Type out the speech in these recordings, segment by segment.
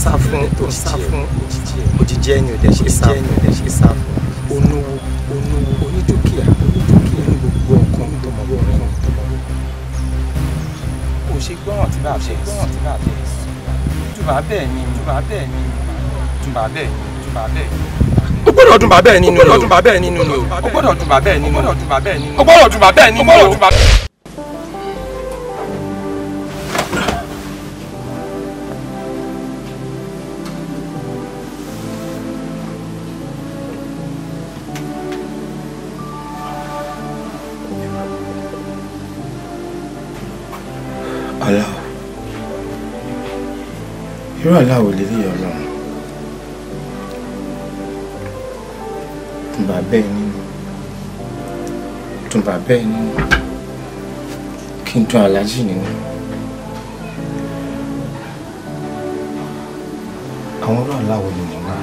sá fún tó ń sá fún òjijì ẹ̀yìn òdẹ ṣe sá fún òdẹ ṣe sá fún onówó onówó onídùkìá onídùkìá ní gbogbo ọkàn tọmọbọrin kò ṣe gbọ́ràn tí bá bẹ̀ gbọ́ràn tí bá bẹ̀ tùbà bẹ́ẹ̀ ni tùbà bẹ́ẹ̀ ni tùbà bẹ́ẹ̀ ni tùbà bẹ́ẹ̀ ni o gbọ́dọ̀ dùn bàbá ẹ nínú o o gbọ́dọ̀ dùn bàbá ẹ nínú o o gbọ́dọ̀ dùn bàbá ẹ nínú o o gbọ́dọ̀ dùn bàbá ẹ nínú o. irú àláwò lè rí ọlọ́run tùbà bẹ́ẹ̀ nínú tùbà bẹ́ẹ̀ nínú kí n dún aláàjì nínú àwọn irú àláwò ni mo máa.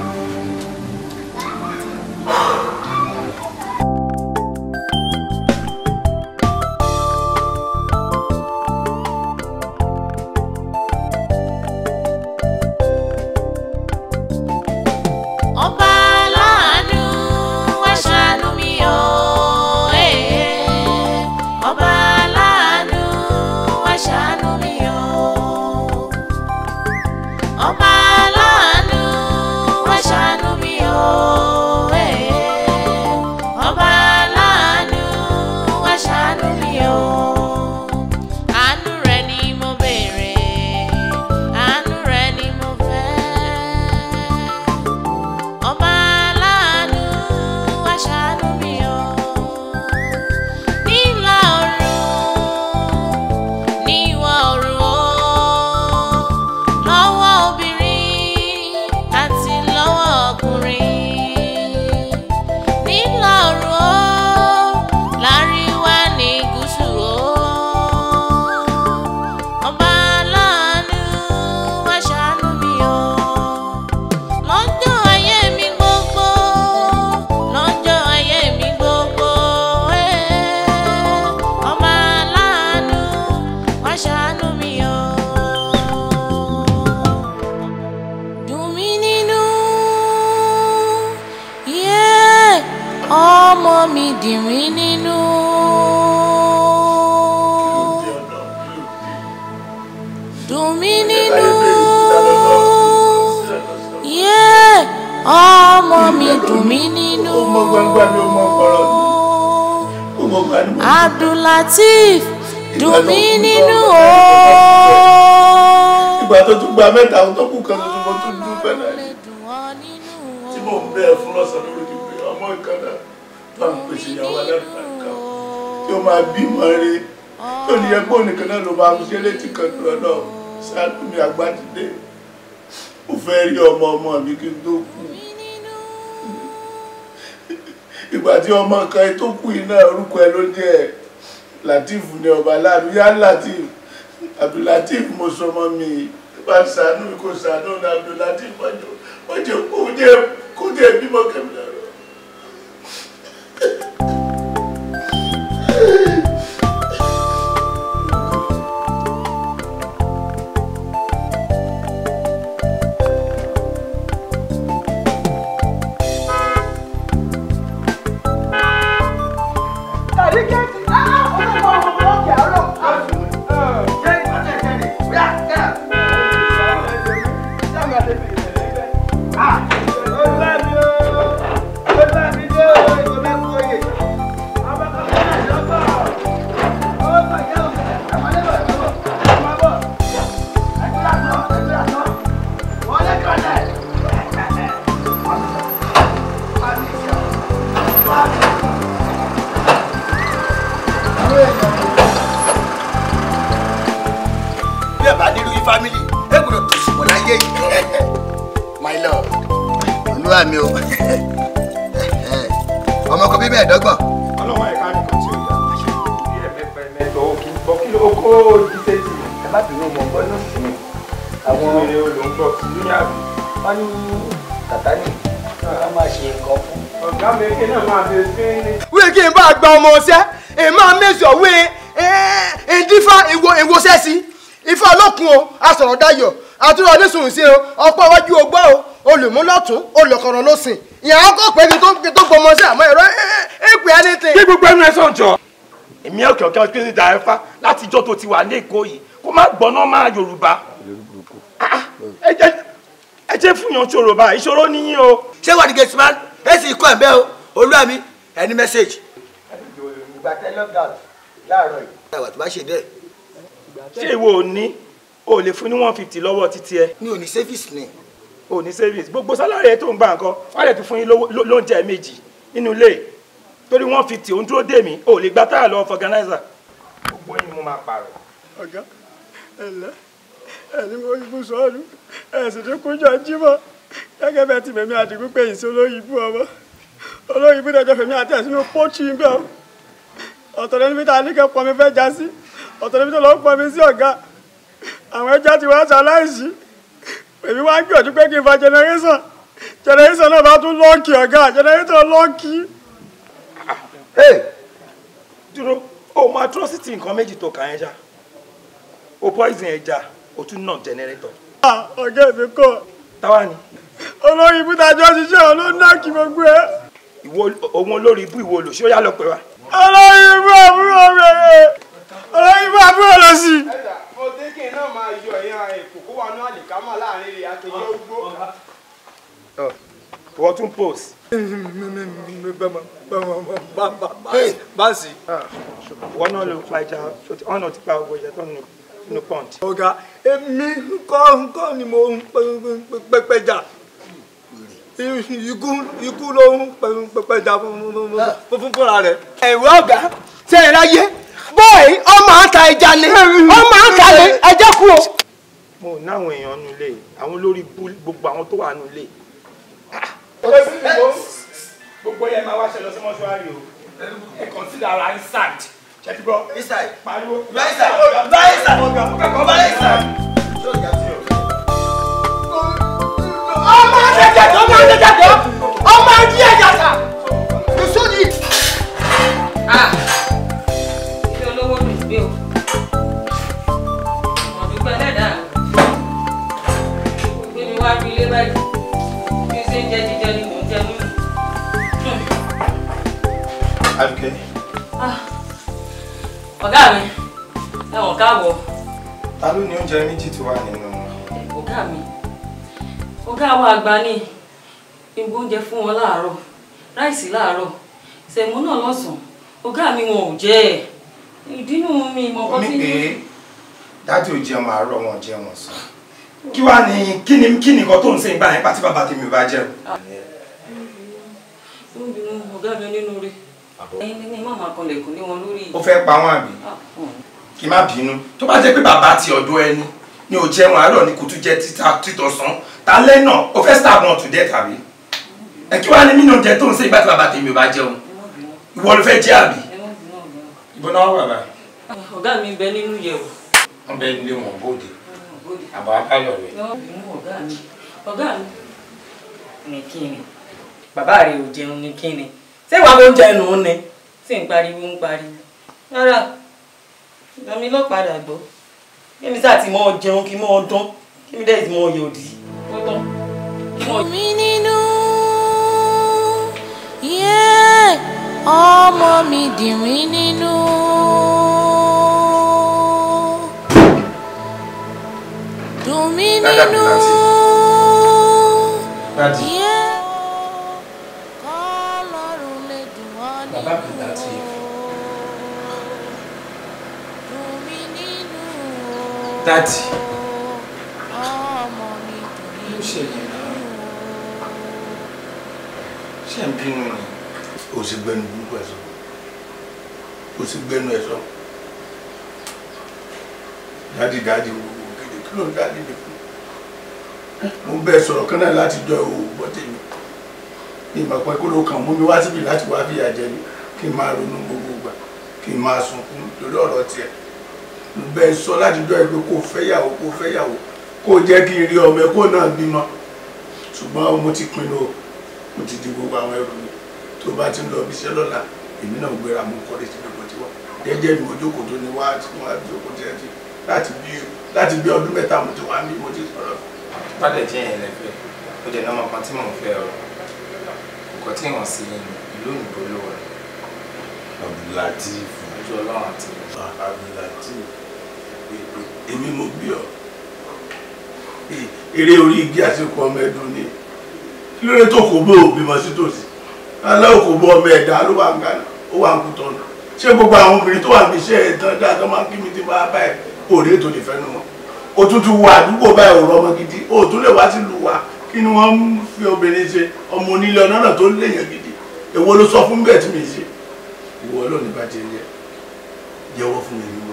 mẹ́ta mẹ́ta àwọn tó kù kan tuntun mo tún dúpẹ́ náà tí mò ń bẹ́ẹ̀ fún lọ́sàn lórí pé ọmọ ìkànnà bá ń pèsè ìyàwó alárùbáríkà tí ó máa bímọ rí tó ní yẹ gbóhùn náà ló máa ń ṣe létí kan tó lọ́dọ̀ ṣáàtú mi àgbájídé mo fẹ́ rí ọmọ ọmọ mi kí n tó kú ìgbà tí ọmọ kan tó kù iná orúkọ ẹ ló jẹ́ Latif ní ọba láàrin yá Latif Abdulatif mo sọmọ mi bá ṣàánú kò ṣàánú ní Abdul Lateef mọ́jọ́ ó jẹ́ kó jẹ́ bímọ kẹ́mìlá. family ẹ gbọ́dọ̀ tó sùpọ̀ láyé yìí my love olúwa mi o ọmọ kan bí mẹ́ẹ̀ẹ́dọ́gbọ̀n. ọlọ́wọ́ ẹ̀ka ni kò tí ò yá ṣe bí ẹ̀mẹ́fẹ́ mẹ́ẹ̀ẹ́dọ́ òkè bọ́ kí ló kó dídé tì ẹ má bínú mọ̀ bọ́ náà sí mi. àwọn èrè olóńgbọ̀ sí ní àbí. wọ́n ní kàtánì wọ́n máa ṣe nǹkan fún. ọ̀gá mi kí náà máa fi sí ní. wíì kí n bá gba ọmọ ọ̀sẹ́ èmi máa mẹ́sọ̀ wíì ẹ̀ ẹ̀ dífá ìwòsẹ́sì ifá olókun o asọ̀rọ̀ dayọ̀ àtúrò onísùnwùn sí o ọ̀pọ̀ iwájú ogbó o olùmúlọ́tún olùkọ̀rọ̀ ló sìn ìyàwó kò pé ní tó gbọmọ sí àmọ́ ẹ̀rọ èpè anything. bí gbogbo ẹnu ẹ sàn jọ èmi ọkẹ ọkẹ ọkẹ ní dàáfá láti ijọ́ tó ti wà ní èkó yìí kó má gbọ́ná má yorùbá ẹ jẹ́ fún yan ṣòròbá ìṣòro níyìn o. ṣé wàá di gẹ̀ẹ́sì máa ẹ sì kọ́ ẹ̀ bẹ́ẹ̀ o olúwa mi ẹni mẹ́sẹ̀gì. ìgbà tẹ́lẹ̀ gàdù láàárọ̀ yìí. àwọn àtúbáṣe bẹ́ẹ̀ ṣé ìwọ ò ní o lè fún ní one fifty lọ́wọ́ títí ẹ. mi ò ní service ni. o ní service gbogbo sálárì ẹ tó ń gbà nǹkan wọ́n lè tún fún yín lóúnjẹ méjì nínú ilé torí one fifty òun dúró dè mí o lè gba táyà lọ fọganáìsà. gbogbo yín ni mo máa pààrọ̀. ọ̀gá ẹ̀lẹ́ ẹ̀ní mo ibú sọ́ọ̀nù ẹ̀sìn tó kúnjọ jímọ̀ gẹ́gẹ́ bẹ́ẹ̀ ti mẹ̀mí àdìgún pé ìṣe olóyìnbó ọmọ olóyìnbó dẹjọ́ fẹ̀mí àti ẹ̀sìn mi pọ́ọ̀tì ń bẹ̀ ọ́ ọ̀tọ̀ lẹ́nu mi ta ní kẹ́ pọ́n mi fẹ́ já sí ọ̀tọ̀ níbi tó lọ ń pọn mi sí ọ̀gá àwọn ẹja ti wá ṣaláìsí èmi wá ń gbìyànjú pé kí n fa jẹnẹrẹsàn jẹnẹrẹsàn náà bá tún lọ́ọ̀kì ọ̀gá jẹnẹrẹsàn lọ́ọ̀kì. dúró o mọ atrocity nǹkan méjì tó kà yẹn ṣá o poison ẹja o tún náà jẹnẹrétọ. ọ̀gá èmi kọ́. táwa ni. olórí ibú tá a jọ ṣiṣẹ́ ọ ló ń ná kí gbogbo ẹ. ìwọ òun olórí ibú ìwọ olùṣọ́ lọ pé wa. olórí ibú àbúrò rẹ̀ olóyún bá búrò lọ sí. mo dékè náà máa yọ ìyàn èkó kó wà ní àlìkámà láàrin rẹ̀ àtẹ̀yẹ wọ́n tún pose. báàsì. wọ́n náà ló pa ìjà ọ̀nà ti pa ọgbọ̀n ìjà tó ń lò nínú pond. ọ̀gá èmi ńkọ́ ńkọ́ ni mo ń pẹpẹja ikú ló ń pẹpẹja fúnra rẹ̀. ẹ̀wọ́ ọ̀gá sẹ́yìn láyé bọ́ọ̀ì ọmọ àta ẹja ni ọmọ àta ni ẹjẹ kú o. mo ò náwọn èèyàn nu ilé àwọn olórí gbogbo àwọn tó wà nu ilé. gbogbo yẹn máa wáṣẹ lọ sí mọ́ṣúárì o ẹ kàn sí ara inside ṣẹ́tí bọ́ inside pariwo bá inside bá inside bá inside. ọmọ àtẹ̀jẹ̀ tó máa ń tó ọmọ àjẹ́. Àbíkẹ́. Ọ̀gá mi, ẹ wọ̀n káàbọ̀. Ta ló ní oúnjẹ méjì tó wà nínú wọn? Ọ̀gá mi, ọ̀gá wa àgbà ni ìbò oúnjẹ fún wọn láàárọ̀, ráìsì láàárọ̀, sẹ̀mú náà lọ́sàn-án, ọ̀gá mi wọn ò jẹ́ ẹ̀. Ìdínú mi ìmọ̀kọ́ tí... Omi pé dájú ò jẹun àárọ̀ wọn jẹun ọ̀sán kí wá ní kí ni kí ni nǹkan tó ń ṣe ìgbà yẹn pàtí bàbá tèmi ò bá jẹun. ọ̀gá mi nínú rẹ̀ ẹyin ni màmá kan lẹ̀kùn lé wọn lórí. ó fẹ́ pa wọn àbí ah, kí má bínú tó bá jẹ́ pé bàbá ti ọ̀dọ̀ ẹni ni ò jẹun àárọ̀ ni kò tún jẹ títa títọ̀sán ta lẹ́nà ó fẹ́ stab wọn tù dẹ́ tàbí ẹ kí wàá ní mí oúnjẹ tó ń ṣe ìgbà tí bàbá tèmi ò bá jẹun ìwọ ló fẹ́ jẹ àbí ìbọn náà wà bàbá. Ah, ọ̀gá mi bẹ nínú yẹ̀wò. wọ́n bẹ nílé wọn bóde ah, àbọ̀ abáyọ̀ rẹ̀. ọ̀gá mi ọ̀gá mi ni kí ni bàbá rẹ̀ ò jẹun ni kí ni ṣé ìwà oúnjẹ nù ún ni sì ń pariwo ń pariwo rárá ìdánmi lọ́padà gbọ́ kémi sáà ti mọ jẹun kí mọ dán kémi dẹ́ ti mọ yòdì omi nínú yé ọmọ mi dìrín nínú. dùn mí nínú yé. dádì ah, ló ń bínú ni. o sì gbẹnu burúkú ẹ sọ o sì gbẹnu ẹ sọ dádì dádì gbogbo kéde kí ló ń dádì mi fún mo bẹ sọ̀rọ̀ kan láti jọ òògbọ tèmi ìmọ̀ pẹ́ kó ló kàn mú mi wá síbi láti wá fìyà jẹ mi kí n máa ronú gbogbo ìgbà kí n máa sunkún lórí ọ̀rọ̀ tiẹ̀ mo bẹ sọ ládìjọ́ ẹ pé kó fẹ́yàwó kó fẹ́yàwó kó jẹ́ kí n rí ọmọ ẹ kó náà bímọ ṣùgbọ́n mo ti pinnu mo ti di gbogbo àwọn ẹrù mi tó bá ti ń lọ ibiṣẹ́ lọ́la èmi náà gbéra mo kọ́ lè ti dọ̀gbọ́ tí wọ́n jẹ́jẹ́ mi ojókòó tó ní wá tí wọ́n á jókòó tí ẹ ti láti bí láti bí ọdún mẹ́ta mo ti wá ní mo ti sọ̀rọ̀. pàdé jẹ́ yẹn lẹ́fẹ̀ẹ́ ó dẹ̀ lọ́mọ kan tí mò ń fẹ́ ọ nǹkan tí wọ́n sì ìlú òyìnbó ló wà. Abdulateef. ojú ọlọ́run àti. Abdulateef èmi mo bí ọ eré orí igi àsìkò ọmọ ẹdùn ni kí ló dé tó kò bó bímọ sí tòsí aláwọ kò bó ọmọ ẹdá ló wà ń ga ó wà ń kú tọ̀nà ṣé gbogbo àwọn obìnrin tó wà ní iṣẹ́ ẹ̀tàn dáadáa máa ń kí mi ti máa bá ẹ̀ kò rí ètò ìfẹ́nu wọn òtútù wà àdúgbò báyìí òrò ọmọ gidi òtún lè wá sí lù wá kí ni wọ́n fi obìnrin ṣe ọmọ onílé ọ̀nà tó léèyàn gidi èwo ló sọ fún bẹ́ẹ̀ tí mi ṣe ìwọ ọlọ́ọ̀ni bá ti ń yẹ jẹ́wọ́ fún mi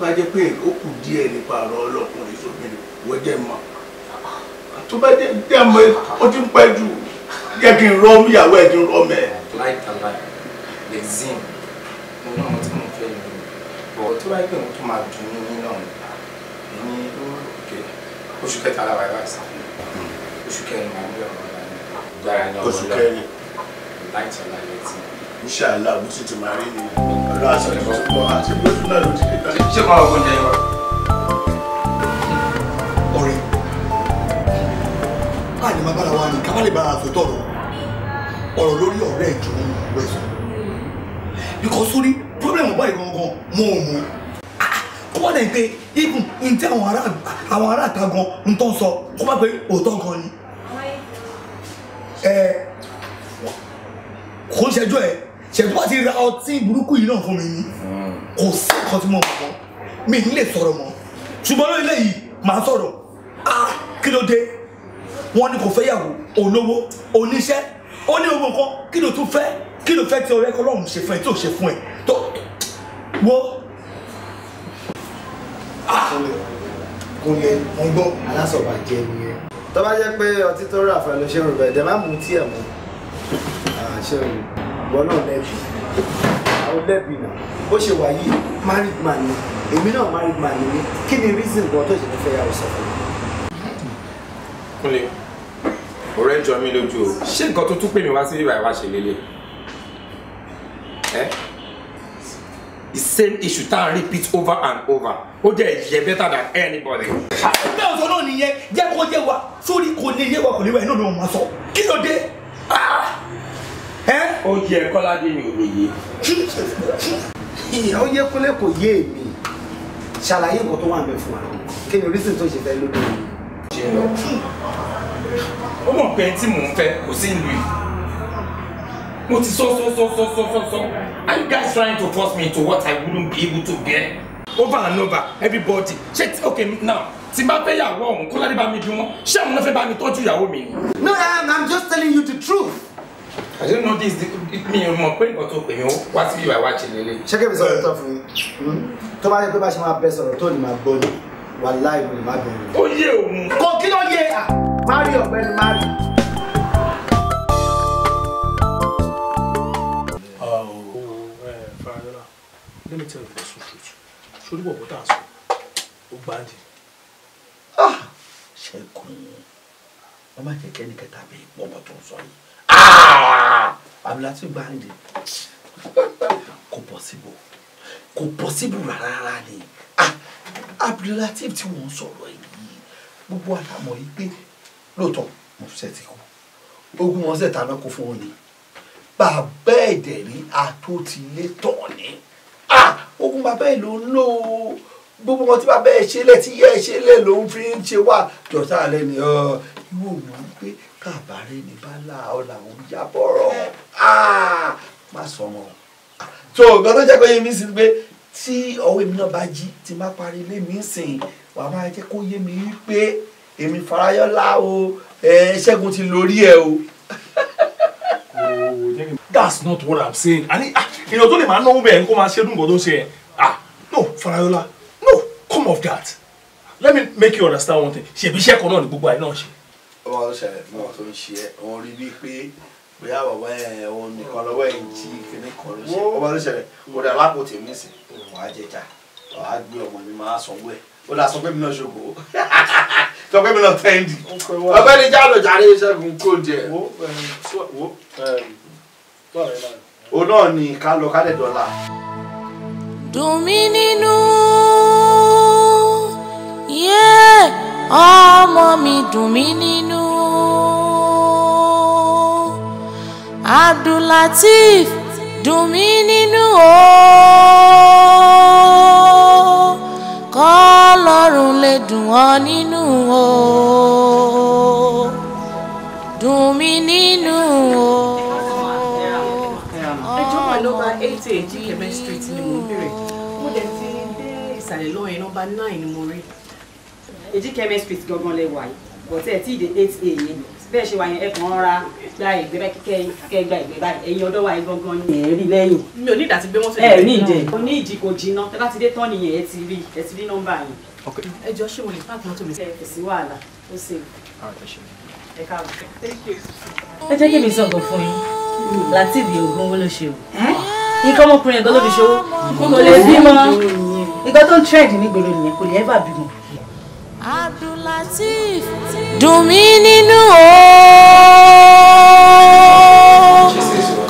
bá jẹ́ pé ó kù díẹ̀ nípa ọ̀rọ̀ ọlọ́kùnrin sóbìnrin wọ́n jẹ́ mọ́ tó bá jẹ́ jẹ́ mọ́ ó ti ń pẹ́ jù jẹ́ kí n rọ́ ìyàwó ẹ̀ kí n rọ́ mẹ́. láì tàlà lè zin mo náà mo ti mọ̀ fẹ́ mi bọ̀ tó bá yẹ pé mo tún máa dùn ní yín náà ní òkè oṣù kẹta la wà láì sá oṣù kẹrin máa ń bẹ̀rẹ̀ ọ̀rọ̀ láì gbára ní ọmọ náà láì lè Inshallah bó ti ti máa rí ni ọlọ́ àṣà tó ti pọ̀ àti gbóṣù náà ló ti dé kan. ṣé máa wọ́n jẹ ìwà. ọ̀rẹ́ káà ní bàbá wa ni ká má lè bára àtò tọ̀rọ̀ ọ̀rọ̀ lórí ọ̀rẹ́ ìjọ ń wẹ̀sùn. bíkọ́ sórí pírọ́blẹ̀mù báyìí gangan mọ́ ò mọ́ ah, kó wá dẹ̀ pé even n tí àwọn ará àwọn ará àta gan ń tán sọ kó má pé òótọ́ gan ni. ẹ kò ń ṣẹjọ́ ẹ ṣẹ̀gbọ́n ti ra ọtí burúkú yìí náà fún mi ni hmm. kò sí nǹkan tí mo mọ̀ mọ́ mi ń lè sọ̀rọ̀ mọ́ ṣùgbọ́n lórí ilé yìí màá sọ̀rọ̀ a ah, kí ló dé wọ́n ní kò fẹ́ yàwó olówó oníṣẹ́ ó ní owó nǹkan kí ló tún fẹ́ kí ló fẹ́ tí ọ̀rẹ́ kọ́ lọ́run ṣe fún ẹ tí ò ṣe fún ẹ tó wo. Ah! kúnlẹ̀ mo gbọ́ alásọ̀bàjẹ́ ni ẹ. tó pé ọtí tó rà fún ẹ ló ṣe rò bẹ́ẹ̀ dẹ̀ má mú tí ẹ̀ mú ìwọ náà lẹ́bi àwọn lẹ́bi náà bó ṣe wà yìí married man ni èmi náà married man ni mí kí ni reason gan tó ṣe fẹ́ fẹ́ yàwó sọ fún mi. kúnlẹ̀ ọ̀rẹ́ ń jọ mí lójú o ṣé nǹkan tó tún pè mí wá sí ìwà ìwà ṣe lélẹ̀ ẹ́ the same issue tá a repeat over and over ó dẹ̀ yẹ better than anybody. àtúntò ọ̀sán náà nìyẹn jẹ́ kó yé wa sórí kò lè yé wa kò lè wá iná ló ń wá sọ kí ló dé. Ah! ó jẹ kọ́ládé mi ò lè yé. yẹ kúnlẹ̀ kò yé mi ṣàlàyé nǹkan tó wà ń fún wa kí ni orísun tó ṣe fẹ́ lóde yìí. ó mọ̀ pé tí mò ń fẹ́ kò sí ìlú yìí mo ti sọ sọ sọ sọ sọ sọ are you guys trying to force me into what I wouldn't be able to bear over and over everybody ṣe okay now tí bá fẹ́ yàwó ọ̀hún kọ́ládé bá mi bí wọn ṣé àwọn náà fẹ́ bá mi tọ́jú ìyàwó mi. no I'm, um, I'm just telling you the truth. I didn't know this. Mi ò mọ̀ pé nǹkan tó pè mí wá sí ìwà ìwà ìṣẹ̀lẹ̀ lè. Ṣé kébì sọ̀rọ̀ tán fún yín? Hmm? Tó bá yẹ pé bá ṣe máa bẹ sọ̀rọ̀ tó ní máa gbọ́ ni, wà láì mo lè má bẹ̀rẹ̀. Ó yé ah, Let me tell you the truth. Should we go sọ, ó gbáǹdì. Ah, Ṣẹ́gun, ọmọ kẹ̀kẹ́ ní kẹta mi, mo mọ̀ tó ń sọ àbílà tí gbà ń di kò possible kò possible rárá ni Abdulateef ah! tí wọ́n sọ̀rọ̀ yìí gbogbo àlámọ̀ yìí pé lóòótọ́ Mofsett ti kú ogún wọn sẹ̀ta náà kó fún wọn ni bàbá ẹ̀dẹ̀ rí àtòtílé tọ̀ ni ah! ogún bàbá ẹ̀ ló ń lò ó gbogbo wọn tí bàbá ẹ̀ ṣe lẹ̀ tí yẹ́ ẹ̀ ṣe lẹ̀ ló ń fi ń ṣe wà jọ̀tá alẹ́ ni ìwọ òun pé káàbárẹ́ ní bálá ọ̀là òun jábọ̀rọ̀ ah! má sọ wọn o. tó o gbọ́dọ̀ jẹ́ kó yé mi pé tí ọwọ́ èmi náà bá jí tí má parí ilé mi sìn wàá máa jẹ́ kó yé mi wípé èmi farayọ́lá o ṣẹ́gun ti lórí ẹ o. that's not what i'm saying àní ah, èèyàn tó lè máa náwó bẹ́ẹ̀ kó máa ṣe dùn gbọ́dọ̀ ṣe ẹ̀ ah no farayọ́lá no come off that let me make you understand one thing ṣèbí iṣẹ́ kan náà ni gbogbo àyè náà ṣe ó máa tó ṣẹlẹ̀ fún wọn tó ń ṣe ẹ́ wọn rí bíi pé bóyá bàbá ẹ̀ òun nìkan lọ́wọ́ ẹ̀ ń jí kíní kan ló ṣe ó máa tó ṣẹlẹ̀ mo dà lápò tèmi sí wàá jẹjà wàá gbé ọmọ mi máa sanwó ẹ̀ ó dà sọ pé mi náà ṣògo sọ pé mi náà tẹ́ndì ọ̀gbẹ́ni jálò jàre ṣẹ́gun kò jẹ́. o náà ni ká lọ ká lè dọ́là. dùn mí nínú yé ọmọ mi dùn mí nínú. Abdulateef dùn mí nínú o kọ́lọ́run lè dùn ọ́ nínú o dùn mí o. ẹjọ́ ló bá eight eight Kẹ̀mẹ́ street ni mo ń mo dẹ̀ ti dé ìsàlẹ̀ lọ́wọ́ yẹn nine ni mo rí. èjì street gangan lè yìí bọ̀tẹ́ ẹ̀ tí dé eight a yẹn bẹ́ẹ̀ ṣe wà yẹn ẹ̀kan ra gba ìgbẹ́ bẹ́ẹ̀ kíkẹ́ gba ìgbẹ́ báyìí ẹ̀yin ọ̀dọ́ wa gangan ni ẹ̀ rí lẹ́yìn. mi ò ní ìdásí gbé mọ́tò ẹ̀ ní ìdẹ. o ní ìdí kò jìnnà tẹ bá ti dé tán nìyẹn ẹ ti rí ẹ ti rí nọ́mbà yẹn. ẹ jọ ṣé mo lè pààkì mọ́tò mi. ẹ kò wàhálà ó ṣe. ẹ káàbọ̀. ẹ jẹ́ kí mi sọ fún yín latif yìí oògùn owó ló ṣe o. nǹkan ọmọkùnrin ẹ̀gọ́ dùn mí nínú o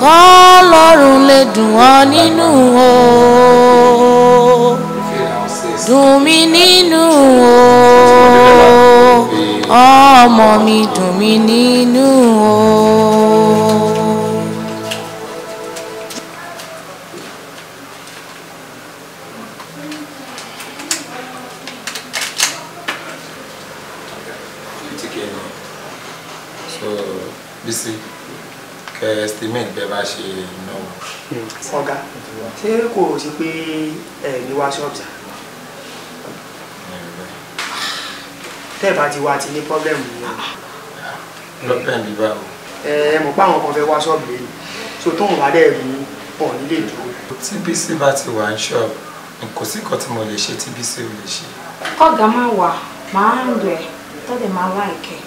kọ́lọ́run lè dùn ọ́ nínú o dùn mí nínú o ọmọ mi dùn mí nínú o. ọ̀gá ṣé kò sí pé ẹ ní wá ṣọ́ọ̀bù sá tẹ́ ẹ bá ti wá ti ní pọ́blẹ́mù yẹn. o. ẹ ẹ mọ̀ pé àwọn kan fẹ́ wá ṣọ́ọ̀bù lẹ́yìn so tóun bá dẹ̀ rí pọ̀ nílé ìdúró. tí bísí bá ti wà ń ṣọ́ọ̀bù kò sí nǹkan tí mo lè ṣe tí ò lè ṣe. kọ́gà máa wà máa ń rẹ̀ tọ́lẹ̀ máa láìkẹ́.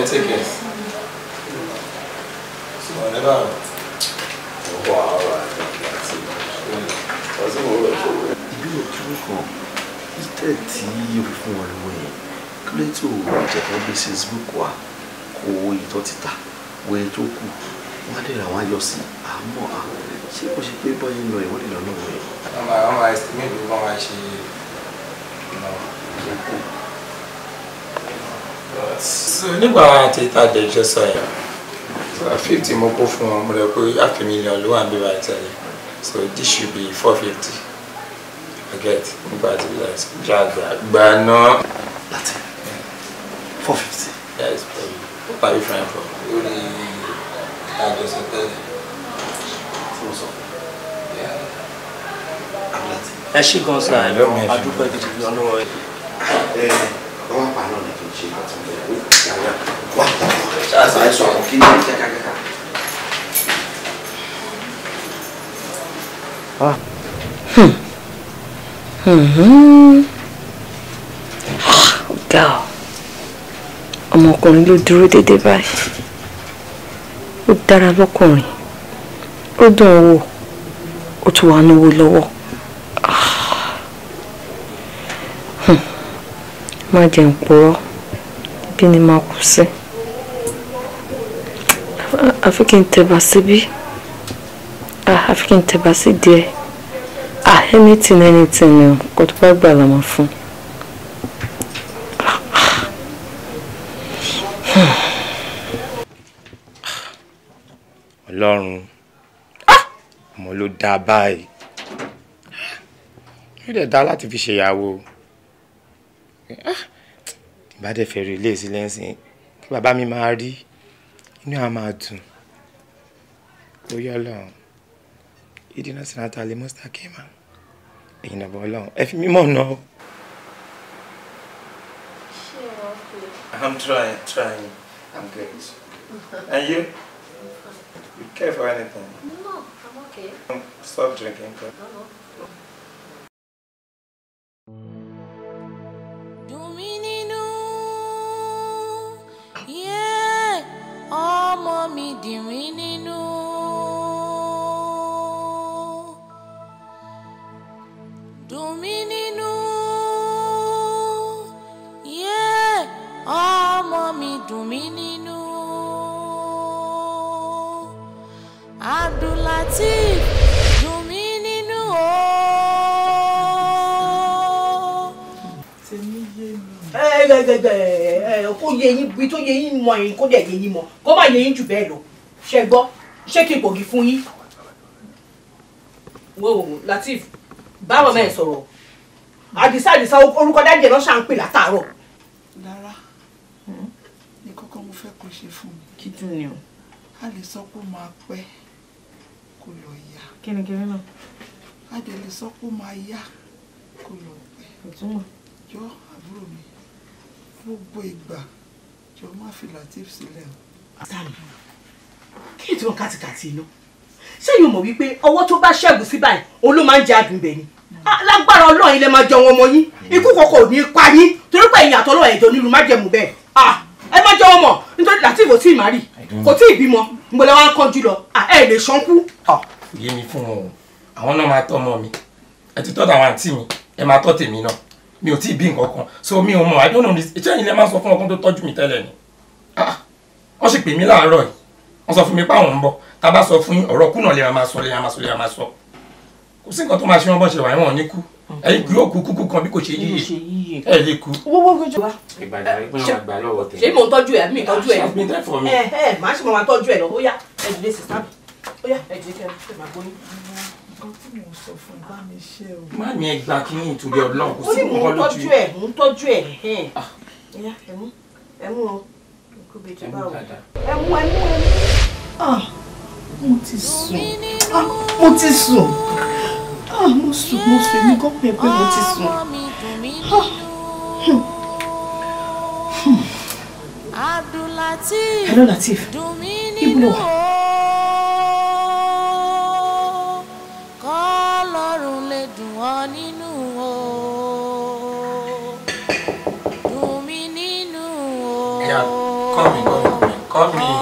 ẹ tẹ́kẹ̀ẹ́ sí ọ̀rẹ́ báwọn. Wow, alright, that's it. That's all right. Ibi òtúrú kan, títẹ̀ tí o fún wọn lówó yẹn, kí ló tó o jẹ̀fọ́ gbé Facebook wa kó ìtọ́ títà wọ ẹ tó kù, wọ́n á lè ra wọn ayọ̀ sí àmọ́ à ṣé kò ṣe pé bọ́yì ń lọ ìwọ́n lè lọ lọ́wọ́ yẹn. Wọ́n máa wọ́n máa estimate bí wọ́n máa ṣe ìlọ ìyókù. Nígbà tí ìtajà iṣẹ́ sọ yẹn fifty mo kó fún wọn mo rẹ pé half a million ló wà ń bíbá ìtẹ̀lé so this should be four i get nígbà tí bí láti já gbà gbà náà. láti four yes baby what are you trying for. àjọṣe tẹ́lẹ̀ tí sọ. ẹ ṣì gan sa ẹ lọ adúpẹ́ gidi lọ́nà ẹ. ẹ ọwọ́ náà ni kì ṣe àtúntò ìyàwó wà ṣáàṣà ẹ sọ àwọn kí ni kíákíákíá. ọ̀gá ọ̀ ọmọkùnrin ló dúró déédéé báyìí ó dára lọ́kùnrin ó dùn ún wò ó tún wà náwó lọ́wọ́. Ah. má jẹun purọ́ bí ni máa kú sí àfi kí n tẹ̀bà síbí àfi kí ah anything anything ni o kò tó bá gbà la máa fún. ọlọ́run ah! ọmọ ló dáa báyìí ó dẹ̀ dáa láti fi ṣèyàwó ìbá ah! dẹ̀ fẹ́ rí ilé ìsílẹ̀ ń sìn kí bàbá mi máa rí inú á máa dùn lórí ọlọ́run ìdí náà sì látà lè mọ́sítà kẹ́mà ẹ̀yìn nàbọ̀ ọlọ́run ẹ fi mímọ̀ náà. I'm trying, trying. I'm good. And you? You care for anything? No, I'm okay. Um, stop drinking. No, no. ọmọ mi dì mí nínú. dùn mí nínú yé ọmọ mi dùn mí nínú Abdulateef dùn mí o. tèmi yé mi. ẹ ẹ ẹ ẹ kó yẹ yín bí tó yẹ yín mọ yín kó dẹ̀ yẹ yín mọ kó má yẹ yín jù bẹ́ẹ̀ lọ ṣe gbọ́ ṣé kí n pògì fún yín. wo Latif báwo mẹ́ẹ̀ sọ̀rọ̀ àdìsá àdìsá orúkọ dájẹ́ lọ́ṣà ń pè látàárọ̀. lára hmm. ní kọ́kọ́ mo fẹ́ kó ṣe fún mi. kí dùn ni o. a lè sọ pé ó máa pẹ́ kó lọ yá. kí ni kí ni náà. a dẹ̀ lè sọ pé ó máa yá kó lọ pẹ́. ìtumọ̀. jọ àbúrò mi gbogbo ìgbà jọ má fi Lateef sílẹ̀ o. kí ni tí wọ́n kàtìkàtì náà ṣé yóò mọ̀ wípé ọwọ́ tó bá ṣẹ́gun sí báyìí òun ló máa ń jẹ àdùnbẹ̀ ni lágbára ọlọ́run ilẹ̀ máa jẹun ọmọ yín ikú kọkọ ò ní í pa yín torí pé ìyàtọ̀ ọlọ́run ẹ̀jọ̀ nílùú má jẹ̀mú bẹ́ẹ̀ ah ẹ má jẹun ọmọ nítorí latif ò tí ì má rí kò tí ì bímọ ngbọlẹ wa ń kánjú lọ ẹ lè ṣánkú. yé mi fún wọn o àwọn náà máa tọ́ ọmọ mi ẹ ti tọ́ tàwọn àǹtí mi ẹ máa tọ́ tèmi náà mi ò tí ì bí nǹkan kan so mi ò mọ i don't know this ìṣe ilẹ̀ máa sọ fún ọkùnrin tó tọ́jú mi tẹ́lẹ̀ ni wọ́n sì pè mí láàárọ̀ yìí wọ́n sọ fún mi tá a bá sọ fún yín ọ̀rọ̀ kùnà lè máa sọ lè máa sọ lè máa sọ kò sí nǹkan tó máa ṣe wọn bọ́ ṣe wà wọn ní kú ẹ̀yin kì yóò kú kúkú kan bí kò ṣe yíyẹ ẹ lè kú. ìbàdàn ẹgbẹ́ wọn àgbà lọ́wọ́ tẹ̀. ṣé mò ń tọ́jú ẹ̀ mi tọ́jú ẹ̀ ẹ ẹ màá ṣe máa tọ́jú ẹ̀ lọ ó yá ẹ dìde sísá ó yá ẹ dìde kẹ́ máa gbóyún. má mi ẹ gba kí ní ìtúbi ọlọ́run kò sí mò ń tọ́jú ẹ̀ mò ń tọ́jú ẹ̀ ah. ẹ̀mú ẹ̀mú o kó bẹ jẹ báwo ẹ̀mú ẹ̀mú ẹ̀mú. Ah mo ti sùn ah, mo ti sùn ah, mo sùn mo sùn èmi gan pé pé mo ti sùn. Ah. Hello Latif, ibo lo wà? Call me, call me, call me.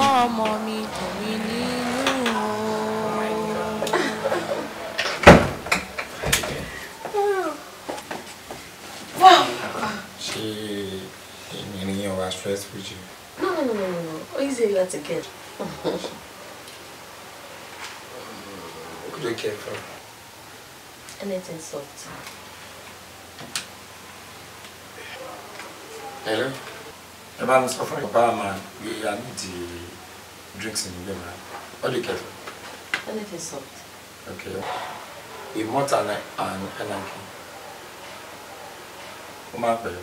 first with no No, no, no, no, no. Easy láti get. Where did you care from? Anything soft. Hello? Ẹ bá mi sọ fún ìpá àmà pé a ní drinks in the room. What do you care for? Anything soft. Okay. Ìmọ̀ta and ẹnàkì. Ó máa pẹ̀lú.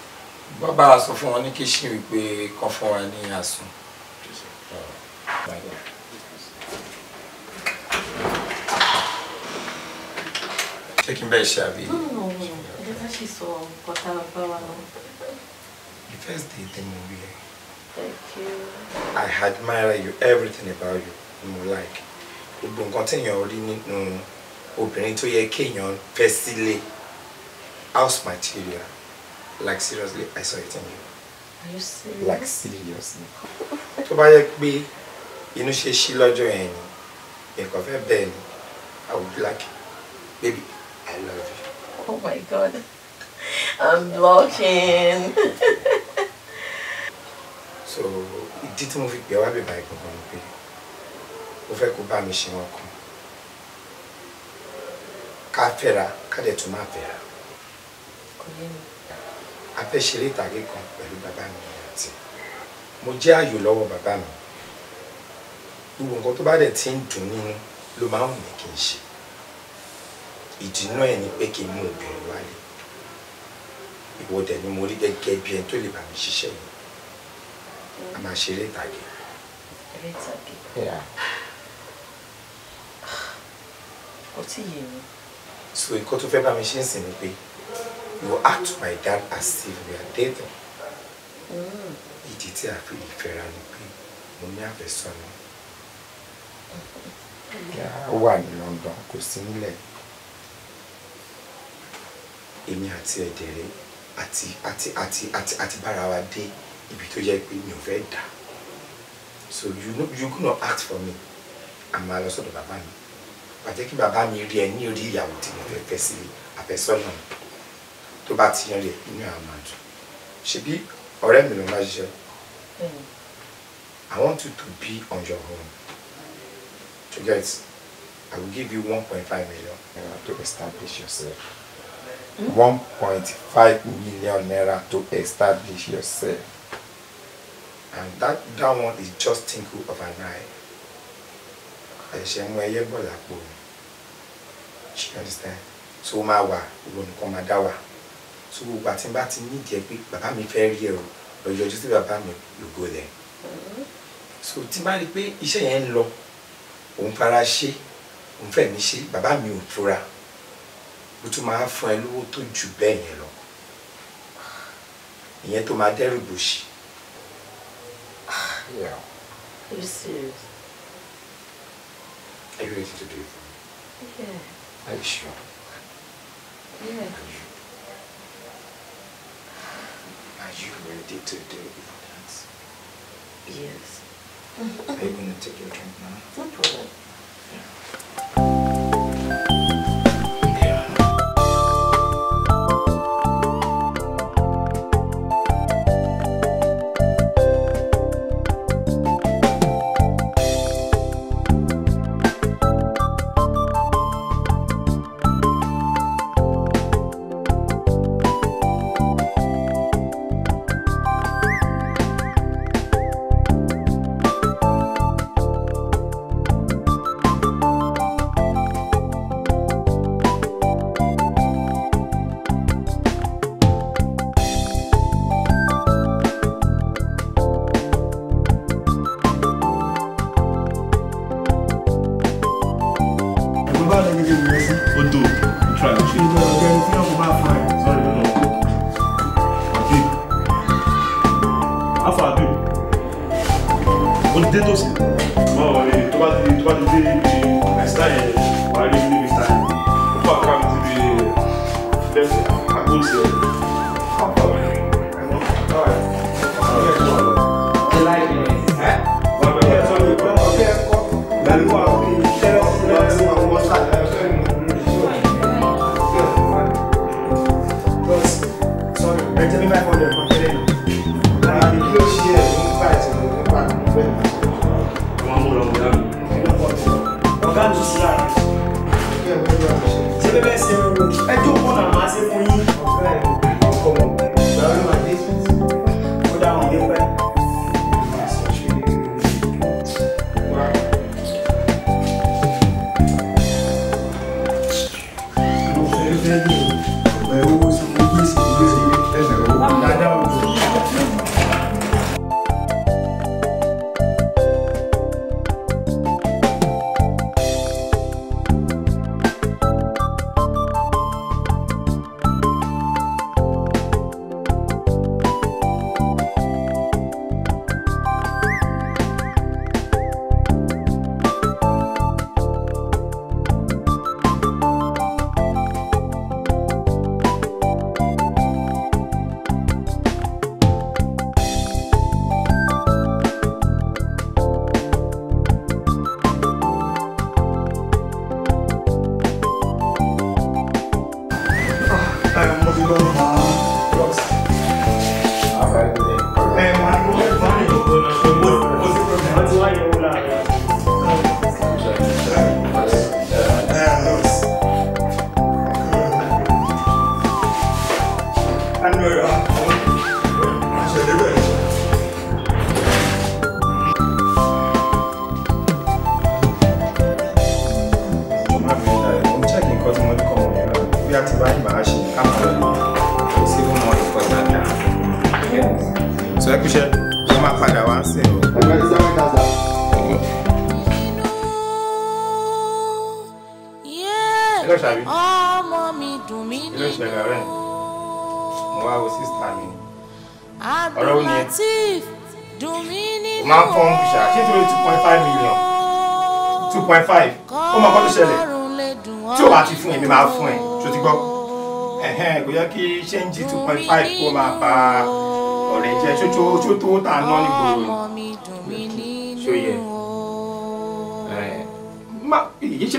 bàbá sọ fún wọn ní kí wípé kán fún wa ní àsùn. ṣé kí n bẹ́ẹ̀ ṣe àbí. the first day tí mo rí ẹ. thank you. I admire you everything about you mo like gbogbo nǹkan téèyàn rí nínú obìnrin tó yẹ kéèyàn fẹ́ sílé house material like seriously I saw it in you. Are you serious? Like seriously. tó bá yẹ pé inú ṣe ṣí lọ́jọ́ yẹn ni nǹkan fẹ́ bẹ́ẹ̀ ni I would be like baby I love you. Oh my God I'm blocking. so ìdí tí mo fi pè wá bèbà ìgbọ̀ngàn ni pé mo fẹ́ kó bá mi ṣe wọn kan ká fẹ́ra ká dẹ̀ tún máa fẹ́ra. kò yé mi a fẹ́ ṣeré ìtàgé kan pẹ̀lú bàbá mi àti mo jẹ́ àyò lọ́wọ́ bàbá mi gbogbo nǹkan tó bá dẹ̀ ti ń dùn nínú ló máa ń wù mí kí n ṣe ìdùnnú ẹ̀ ni pé kí n mú obìnrin wálé ìwọ dẹ̀ ni mo rí gẹ́gẹ́ bí ẹni tó lè bá mi ṣiṣẹ́ yìí a máa ṣeré ìtàgé. eré ìtàgé. yé mi. so ìkọ́ tó fẹ́ bá mi ṣe ń sìn ni pé you act my dad as if we are dating. ìdí tí a fi ìfẹ́ra ni pé mo ní àfẹ́sọ́nà ó wà ní London kò sí nílẹ̀ èmi àti ẹ̀dẹ̀rẹ́ Ati, ati, ati, ati, ati. Barawa wa dé ibi tó jẹ́ pé mi ò so you no you gonna act for me àmọ́ lọ sọ́dọ̀ bàbá mi But bàbá mi rí ẹ ní orí ìyàwó tí mo fẹ́ fẹ́ sí àfẹ́sọ́nà mi tó bá ti yanlẹ̀ inú àwọn máa dùn ṣebí ọ̀rẹ́ mi ló máa ṣiṣẹ́ I want you to be on your own to get I will give you one point five million naira to establish yourself hmm? one point five million naira to establish yourself and that that one is just tinkle of an eye ẹ̀ṣẹ̀ mú ẹyẹ bọ̀ lápò you understand so máa wà ìwọ nìkan máa dá wà so gbogbo àti bá ti nídìí ẹ pé bàbá mi fẹ́ rí ẹ o lọ yọjú sí bàbá mi yòókù rẹ so tí bá rí i pé iṣẹ́ yẹn ń lọ òun fara ṣe òun fẹ́ mi ṣe bàbá mi ò fura mo tún máa fún ẹ lówó tó jù bẹ́ẹ̀ yẹn lọ ìyẹn tó máa dẹ́rù bòṣì. Yeah. Are you serious? you ready to do it? Yeah. Are you sure? Yeah. Are you Are you ready to do your dance? Yes. Are you going to take your drink now? No problem. Yeah.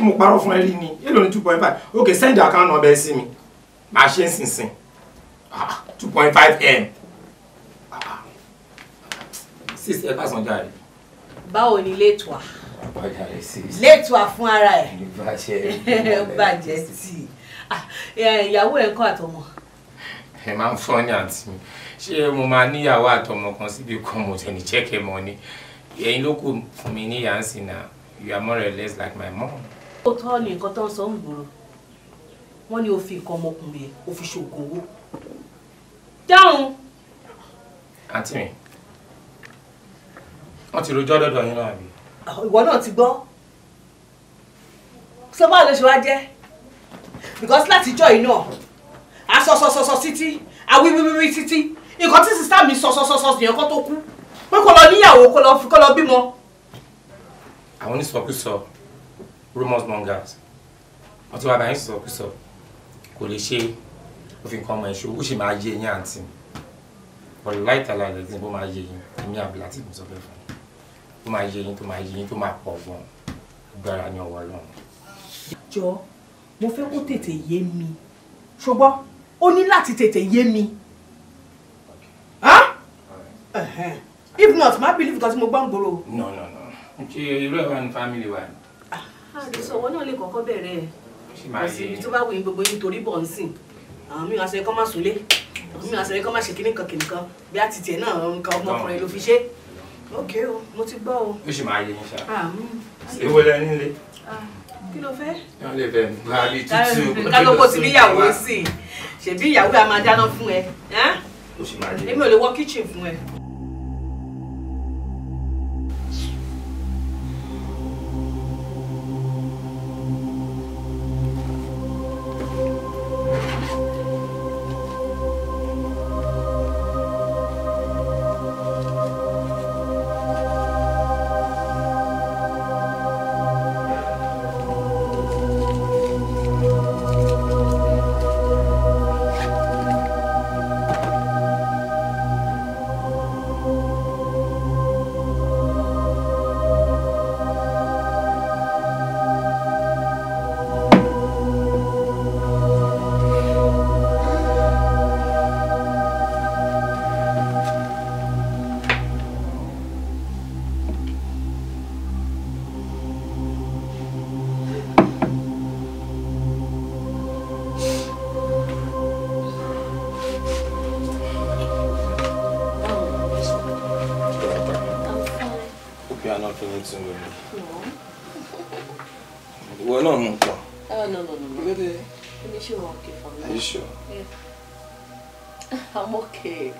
mo parọ́ fún ẹ ni èlò ni two point five ok account number sí mi màá ṣe é sínsìn ah, two point five m six ẹ bá sàn jáde. báwo ni lè tù á lè tù a fun ara ẹ bàjẹ́ tì ah, ìyàwó ẹ̀ ń kọ́ àtọmọ. ẹ máa ń fọ́ ní àǹtí mi ṣé mo máa níyàwó àtọmọ kan síbi kan mo tẹ̀ ní jẹ́kẹ̀ mọ́ ni ẹ̀yin ló kù mi níyà ń sìn náà you are more or less like my mom ó tọ́ ni nǹkan tó ń sọ ń gbòòrò wọ́n ní o fi nǹkan ọmọkùnrin ẹ̀ o fi ṣoògùn owó dáhùn. àǹtí mi wọ́n ti rojọ́ dọ́dọ̀ yín náà bí. ìwọ náà ti gbọ́ sọ báwo ló ṣe wá jẹ́ because látijọ́ yìí náà a sọ sọ sọ sọ títí a wí wí wí títí nǹkan tí sísá mi sọ sọ sọ sọ nìyẹn kó tó kú pé kó lọ níyàwó kó lọ bímọ. àwọn oníṣòwò kò sọ rumors mongers wọ́n ti wá báyìí sọ kú sọ kò lè ṣe òfin kan ọmọ ìṣó ó sì máa yé yín àǹtí wọ́n láì tàlà rẹ̀ tí ó máa yé yín èmi àbílà tí mo sọ fẹ́ fún un ó máa yé yín tó máa yé yín tó máa gan gbára ní ọwọ́ ọlọ́run. jọ mo fẹ́ kó tètè yé mi ṣùgbọ́n ó ní láti tètè yé mi if not má believe nǹkan tí mo gbọ́ ń no no no ṣe irú ẹ̀ wá ní family wa àdìsọ ah, ọwọ́ náà lè kọ́kọ́ bẹ̀rẹ̀ ẹ̀ kò sí ibi tó bá wù gbogbo yín torí bọ̀ ń sìn àwọn mí aṣọ ẹ̀kọ́ má sólé àwọn mí aṣọ ẹ̀kọ́ má ṣe kíníkan kíníkan bí a ti tiẹ̀ náà nǹkan ọmọkùnrin ló fi ṣe ókè o mo ti gbọ́ o. ó sì máa yé mi ṣá èwo ah, mm. lẹ nílé. Ah, kí ló fẹ́. wọ́n lè bẹ̀rù bá a bí tútù. kálọ́pọ̀ sí níyàwó sí ṣèbí ìyàwó a máa dáná fún ẹ. ó sì máa yé mi. èmi ò lè wọ kíchìn fún ẹ. you are not connecting with me. No. Well, no, no. Oh, no, no, no. Maybe. Maybe she will okay for me. Are you sure? Yeah. I'm okay.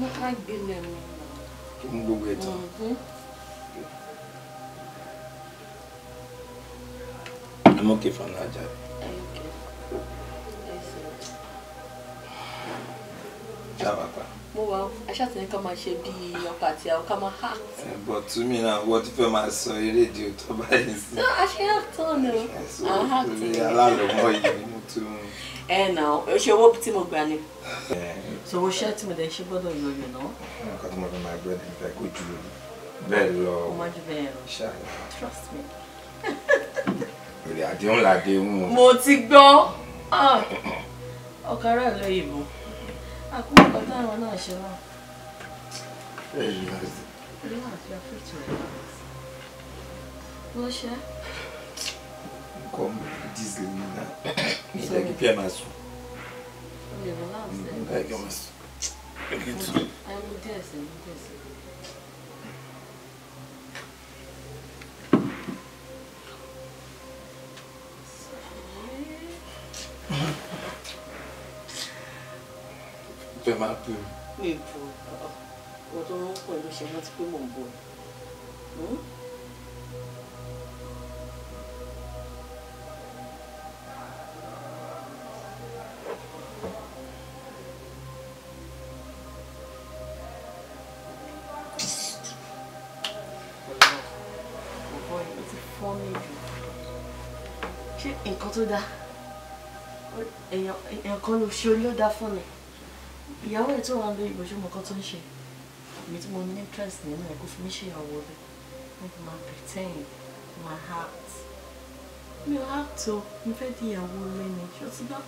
Mo máa gbélé mi. Kí ni gbogbo I'm okay for now, Jai. Okay. Yes, sir. Jai, mo wà aṣáàtìní ká máa ṣe bí ọkọ àti àwọn ká máa há. ẹ̀bọ̀ túmí náà wọ́n ti fẹ́ máa sọ eré di òótọ́ báyìí sí. a ṣe àtọ̀ ni o à ń hàtọ̀ ni. alálòmọ́ yìí ni mo tún. ẹ nà ó ṣe owó tí mo gbà ni. sọ wo ṣẹ́ tí mo dẹ̀ ṣe gbọ́dọ̀ yọ ọyọ náà. nǹkan tí mo fi máa gbẹ́ nípa kó ju bẹ́ẹ̀ lọ. ó máa ju bẹ́ẹ̀ lọ. trust me. èrè àdéhùn làdéhùn. mo ti gbọ́ ah, ọkọ̀ rẹ̀ lóyìnbó. Hakuna kadar wanaoshona relax relax you are free to relax Bosha kwa diesel nina nitaki pia masu nitaki masu kitu amtese bẹ́ẹ̀ máa pè mí. mi bò ọ tó ń pọ̀ ló ṣe rántí pé mò ń bọ̀ hmm? ṣé nǹkan tó dáa ẹ̀yàn kan ló ìyàwó ẹ̀ tó wà ń lo ìbò tó ń ṣe èmi tí mo ní interest nínú ẹ̀ kó fi mí ṣe ìyàwó rẹ̀ wọ́n fi máa pretend máa act mi ò act o mo fẹ́ di ìyàwó rẹ̀ ni ṣé o ti gbọ́.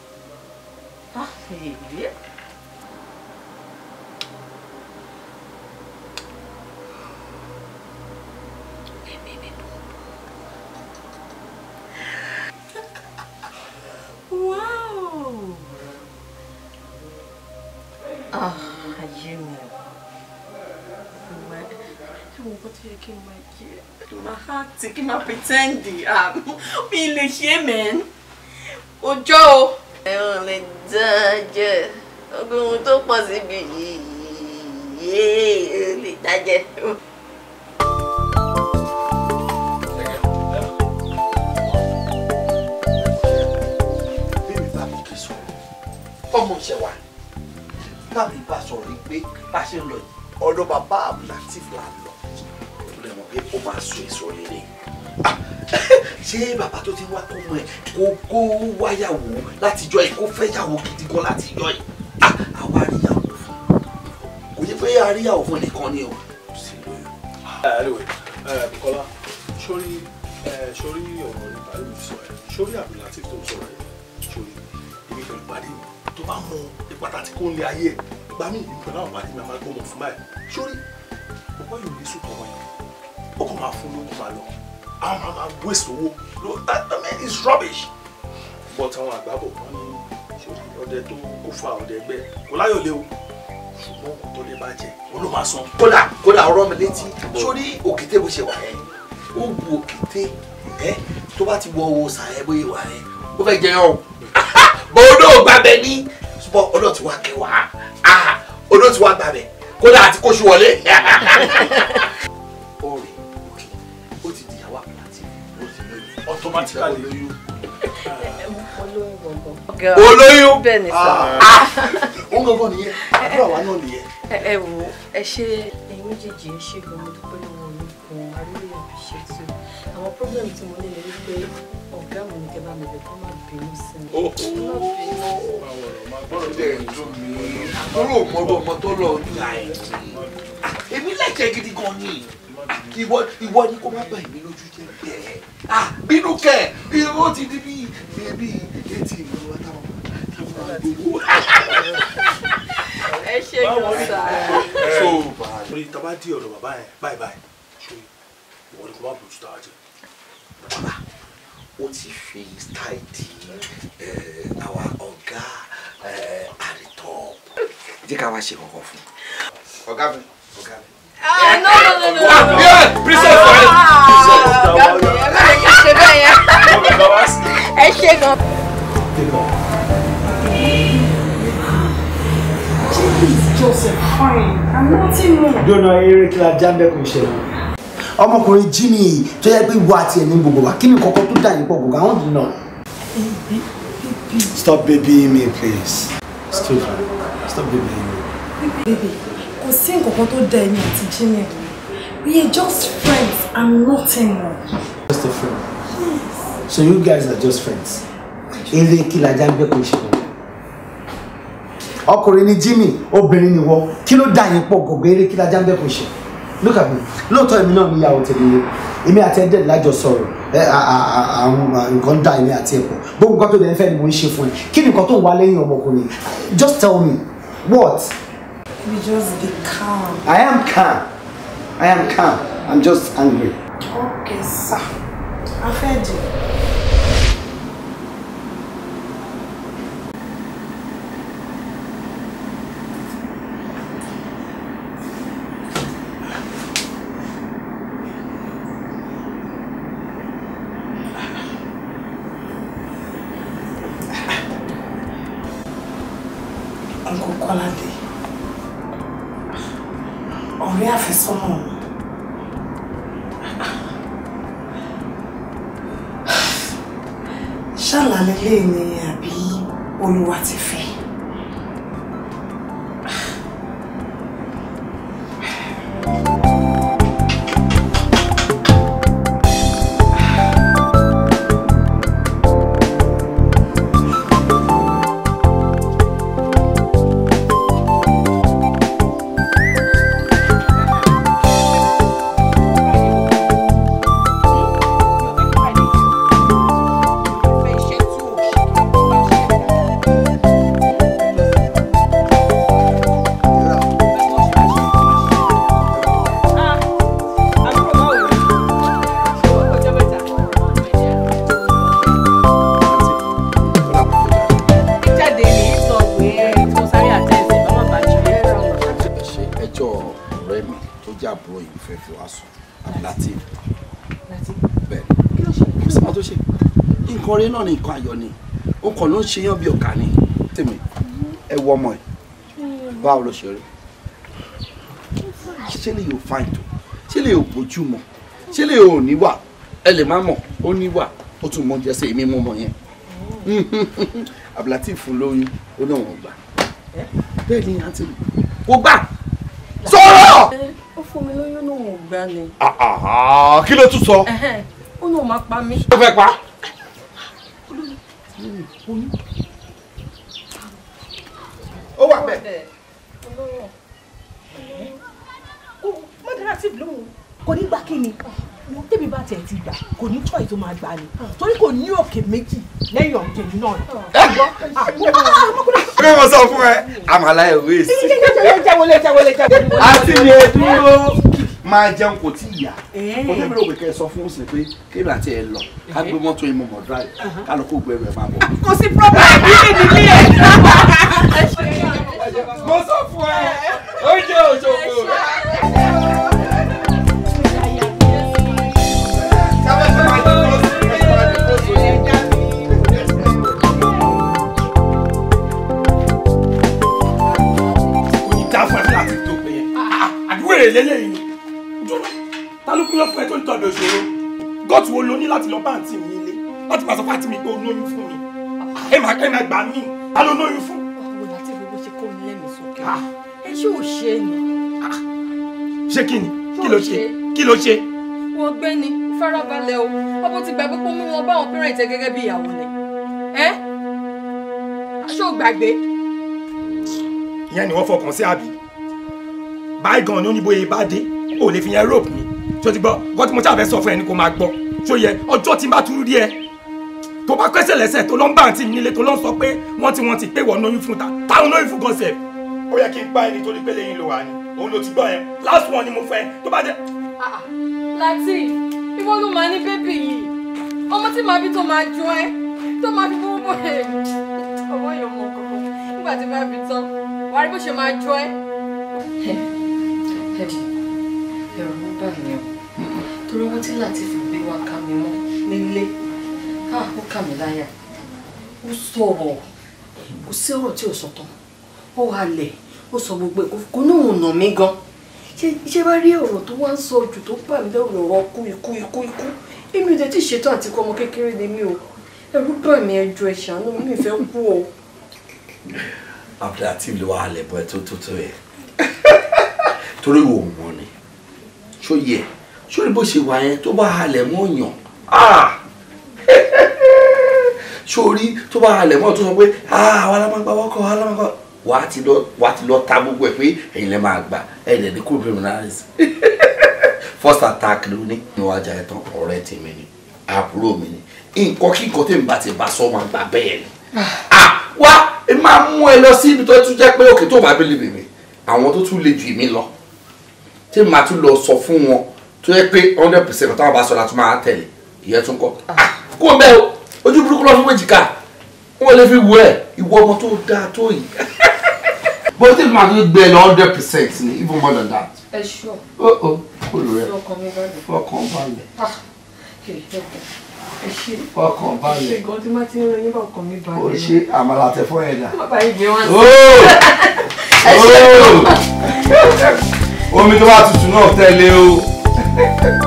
kí n máa kí ẹ máa hàtì kí n máa pretend um, mi lè ṣe é mẹ́n ọjọ́ o. ẹ̀rùn lè dán jẹ ogún ohun tó pọ̀ síbi yìí lè dájẹ́. ọmọ ìṣẹ̀ wa bá mi bá sọ̀rọ̀ yìí pé bá ṣe ń epo máa so èso rere ah, ṣé bàbá tó ti wá kó mọ ẹ kó kó wáyàwó láti jọ ẹ kó fẹ́yàwó gidi gan láti jọ ẹ ah, àwa àríyàwó fún kò ní pé àríyàwó fún nìkan ni o sì lóyún. àríwẹ̀ ah, eh, Bùkọ́lá sórí eh, sórí ọ̀rọ̀ rẹ̀ bàálù sọ ẹ̀ sórí àmì láti tó sọ̀rọ̀ ẹ̀ sórí èmi pẹ̀lú pàdé tó bá mọ ipa tàbí kó ń lé ayé ẹ̀ gbàmí ìgbà náà pàdé mi àmàgbọ́n mọ̀ fún báyìí sórí ọ̀pọ̀ yóò ní sùn tọ̀wọ̀ yẹn ó kàn máa fún lókun máa lọ àwọn máa máa waste owó that man is rubbish but àwọn àgbàbọ̀ wọn ní ọdẹ tó kó fún àwọn ọdẹ ẹgbẹ́ kò láyọ̀ lé o ṣùgbọ́n kò tó lè bàjẹ́ ó ló máa san. kódà kódà ọ̀rọ̀ mi létí sórí òkété bó ṣe wà ẹ́ ó bu òkété ẹ́ tó bá ti wọ owó sàárẹ̀ bóyá wà ẹ́ ó fẹ́ jẹyàn o bọ́ọ̀dọ̀ gbàbẹ̀ ní bọ́ ọ̀dọ̀ tí wàá kẹwàá ọ̀dọ̀ ah, tí wàá gbàbẹ̀ kódà àti kóṣù wọlé. automatically you. olóyún bẹ́ẹ̀ni sá. ó ń gbọ́n nìyẹn àbúrò àwa náà nìyẹn. ẹ wo ẹ ṣe ẹyin méjèèjì ẹ ṣe gan mo dúpẹ́ lọ́wọ́ mi kan i really appreciate you àwọn problem tí mo ní ni wípé ọ̀gá mi ní kẹ́bá mi bẹ̀ kọ́ máa bínú sí mi. bọ́lá oh. jẹ́ ìdùn mi. àbúrò mọ́bọ̀ mọ́tò lọ́ọ́ ní àìsí. èmi lẹ́kẹ̀ẹ́ gidi gan ni ìwọ ìwọ ni kó má bà mí lójú jẹ́ bẹ́ẹ̀ ah bínú kẹ ó ti di bí bèbí etí ìlú wa táwọn táwọn àgbòwò. ẹ ṣe yóò sá. so orí taba di ọ̀dọ̀ bàbá yẹn báyìí báyìí ìwọ ni kó má bójú tó àjẹ. bàbá o ti fi style di àwa ọ̀gá àrètọ́ jẹ́ ká wá ṣe kọ̀kọ̀ fún. ọ̀gá mi ọ̀gá mi. Ah, no, no, no, no. Ah, ah, Gabriel, princess ọ̀rẹ́. Gabriel, ẹ ṣe bẹ́ẹ̀ yẹn. Ẹ ṣe gan. Joseph fine, I'm nothing more. Dọ́nà eré kí la jáde kò ṣẹlẹ̀ ọmọkùnrin Jimmy tó yẹ pé wà tiẹ̀ ní gbogbo wa kí ni kọ́kọ́ tó dà yín pọ̀ gbogbo àwọn dùnà. stop babying me please stop stop babying me. baby kò sí nǹkan tó da ẹni àti Jimmy we are just friends and nothing more. just a friend yes. so you guys are just friends eré kí lajá ń bẹ́ kó ṣe wọn ọkùnrin ni Jimmy obìnrin ni wọ kí ló dà yín pọ̀ gọ̀gọ̀ eré kí lajá ń ṣe look at me lóòótọ́ èmi náà níyàwó tèmi yẹn èmi àti ẹ̀dẹ̀ lájọ sọ̀rọ̀ àwọn nǹkan dá èmi àti ẹ̀pọ̀ gbogbo nǹkan tó dẹ̀ ń fẹ́ ni mo ń ṣe fún ẹ kí ni nǹkan tó ń wá lẹ́yìn ọmọkùnrin just tell me what. You just be calm. I am calm. I am calm. I'm just angry. Okay, sir. I've heard you. ọmọre náà ní nǹkan ayọ̀ ni ó kàn ló ń ṣe yán bí ọ̀kà ni tèmi ẹ wọ ọmọ ẹ báwo ló ṣe rí ṣé lè yóò fáìn tó ṣé lè yóò bójú mọ ṣé lè yóò níwà ẹ lè má mọ ó níwà ó tún mọ jẹsẹ èmi mọ ọmọ yẹn àbùlà tí ì lóyún ó náà wọn gbà bẹ́ẹ̀ ni àǹtí mi kò gbà sọ̀rọ̀. ó fún mi lóyún náà wọn gbà ni. Ah, ah, ah, kí ló tún sọ. ó náà máa pa mí. ó fẹ́ pa oyún ó wà bẹ́ẹ̀. mọ́dẹ́rẹ́tìf ló ń kò ní gbà kí ni tẹ́mi bá tẹ̀ ti gbà kò ní tọ́ ètò máa gbà ni torí kò ní òkè méjì lẹ́yìn ọ̀gbìn náà. ṣé mo sọ fún ẹ àmàlà ẹ̀ wéèsì. àti yẹn dúró máa jẹun kò tí ì yá eh. mo fẹ́ mi rò pé kẹ́ ẹ sọ fún òsè pé kébì àti ẹ lọ ká eh. gbé mọ́tò yìí mo mọ̀ dráì uh-huh. ká lọ kó gbé ẹrù ẹ máa bọ̀. kò sí problem yìí nílé ẹ. mo sọ fún ẹ ó jẹ òṣogbo. lélẹ́yìn kí ló fún ẹ tó ń tọ̀dọ̀ ìṣòro gọ́ọ̀tù wo lo ní láti lọ bá àǹtí mi nílé láti pàṣẹ fún àǹtí mi pé o lóyún fún mi ẹ máa kẹ́ ẹ máa gbà mí ta ló lóyún fún. àwọn àti ìfowópamọ́ ṣe kó mi lẹ́nu sókè ah. ẹ ṣé ṣe é ni. Ah. ṣé kí ni kí ló ṣe kí ló ṣe. wọ́n gbé ni farabalẹ̀ o ọmọ ti gbàgbé pé mímú ọba àwọn pẹ́rẹ́ǹtì gẹ́gẹ́ bí ìyàwó ni ẹ́ ṣó gbàgbé. ìyẹn ni wọ́n fọkàn sí àbí báyìí gan ni ó ní bóyá ibà dé ó lè fi yẹn rope mi tó ti gbọ́ nǹkan tí mo ṣàfẹ́ sọ fún ẹ kò máa gbọ́ ṣó yẹ ọjọ́ tí n bá tún rí tó bá kẹ́sẹ̀ lẹ́sẹ̀ tó lọ ń bá àǹtí mi nílé tó lọ ń sọ pé wọ́n ti wọ́n ti pé wọ́n lóyún fún ta táwọn lóyún fún gọ́sẹ̀. ó yẹ kí n pa ẹni tó ní pélé yín lò wá ni òun ló ti gbọ́ yẹn last one ni mo fẹ́ tó bá jẹ́. láti ìwọ ló máa ní bébì yìí ọmọ tí màá tó máa jọ ẹ tó máa fi gbogbo ẹ ọwọ́ yóò mọ kọ́kọ́ nígbà tí bá bí tán wàá rí bó ṣe máa jọ ẹ. ẹ̀rù ń bà mí o torí owó tí láti fi gbé wa ká mi mọ́ nílé ó kà mí láyà ó sọ̀rọ̀ kò sí ọ̀rọ̀ tí ò sọ tán ó halẹ̀ ó sọ gbogbo ẹ̀ kò náà nà mí gan ṣé bá rí ọ̀rọ̀ tó wá ń sọ jù tó bà mí lọ́rọ̀ ọ̀rọ̀ kú ikú ikú ikú èmi ò dẹ̀ tí ṣetán àti kọ́ ọmọ kékeré ni mí o ẹ̀rù bà mí ẹjọ́ ẹ̀ ṣàánú mi ìfẹ́ kú o. abdulateef ló wà halẹ̀ bọ́ ẹ tó tó tó yẹ torí wo mọ̀ ni ṣó yẹ sórí bó ṣe wà yẹn tó bá halẹ̀ mọ́ yàn ah! sórí tó bá halẹ̀ mọ́ tó sọ pé ah, àwa la máa gba wọ́kọ̀ àwa la máa gba wà á ti lọ ta gbogbo ẹ̀ pé ẹ̀yin lẹ́ máa gbà ẹ̀ lẹ́ ní first attack ló ní níwájú ayé tán ọ̀rẹ́ tèmi ni àbúrò mi ni nǹkan kí nǹkan tèmi bá ti bá sọ máa gbà bẹ́ẹ̀ ni ah. wá ẹ máa mú ẹ lọ sí ibi tó tún jẹ́ pé òkè tó bá bẹ́ẹ̀ lè bèbè àwọn tó tún le jù mí lọ tèmi máa tún lọ sọ fún wọn tó yẹ pé hundred percent ọ̀tá wọn bá sọ la tó máa tẹ̀lé ìyẹn tún kọ́ ah. kó o bẹ́ẹ̀ o ojú burúkú lọ́sùn méjìká wọn lè fi wú ẹ̀ ìwọ ọmọ tó dáa tó yìí. bó ti máa tó gbé lọ hundred percent ni even more than that. ẹ ṣọ o o kò lò rẹ fọkàn balẹ̀ fọkàn balẹ̀ ah. o ṣe àmàlà tẹ fún ẹ̀dá oh! oh! omi tó bá tutù náà tẹ̀lé o nínú. ọ̀gbọ́n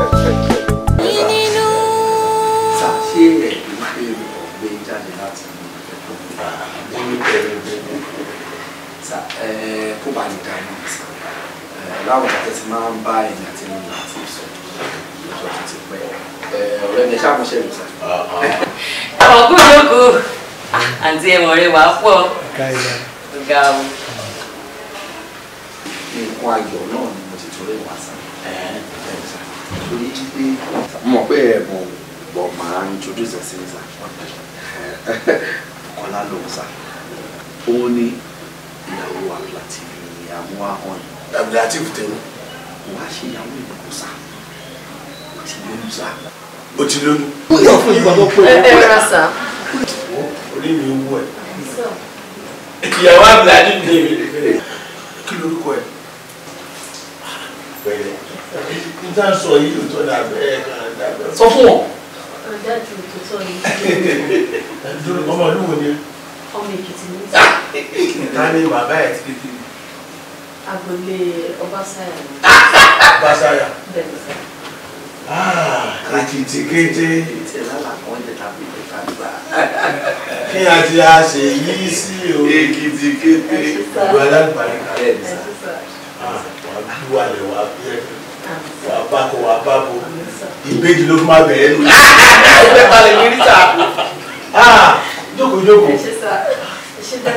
lóko àǹtí ẹ̀mọ̀ rẹ̀ wá pọ̀ ga o. nǹkan ayọ̀ náà ni mo ti torí wá sàn pé mo pé ẹ mọ̀ bọ̀ máa introduce ẹ sí sà kọ́lá ló ń sà ó ní ìyàwó Abdulateef ìyàwó ahọ́n Abdulateef tẹ̀wọ́ wá ṣe ìyàwó ìbùkún sà ó ti lóyún sà ó ti lóyún. ó yọ fún ìgbàgbọ́ pé ẹ ẹ rà sà. orí mi wú ẹ ìyàwó Abdulateef tẹ̀wọ́ kí lorúkọ ẹ tàbí níta ń sọ yìí lóòótọ́ ní abẹ́ ẹ̀kan sọ fún wọn. ọ̀dájú tó sọ yìí. ọmọ ọdún wo ni. ọmọ èkìtì ní. ìta ni bàbá ẹ̀ ti kékeré agbolé ọbaṣáyà ni. ọbaṣáyà. bẹ́ẹ̀ni sẹ. èkìtì kété. kí a ti a ṣe yìí sí o. èkìtì kété. ìgbàlagbà ni kàlẹ́ mi sá. àwọn àdúrà lè wá bí ẹ̀ka wà á bá kọ wà á bá bo ìbejì ló fún wa bẹ̀rẹ̀ nù. ẹgbẹ́ balẹ̀ ní rí sà ah, jókòó jókòó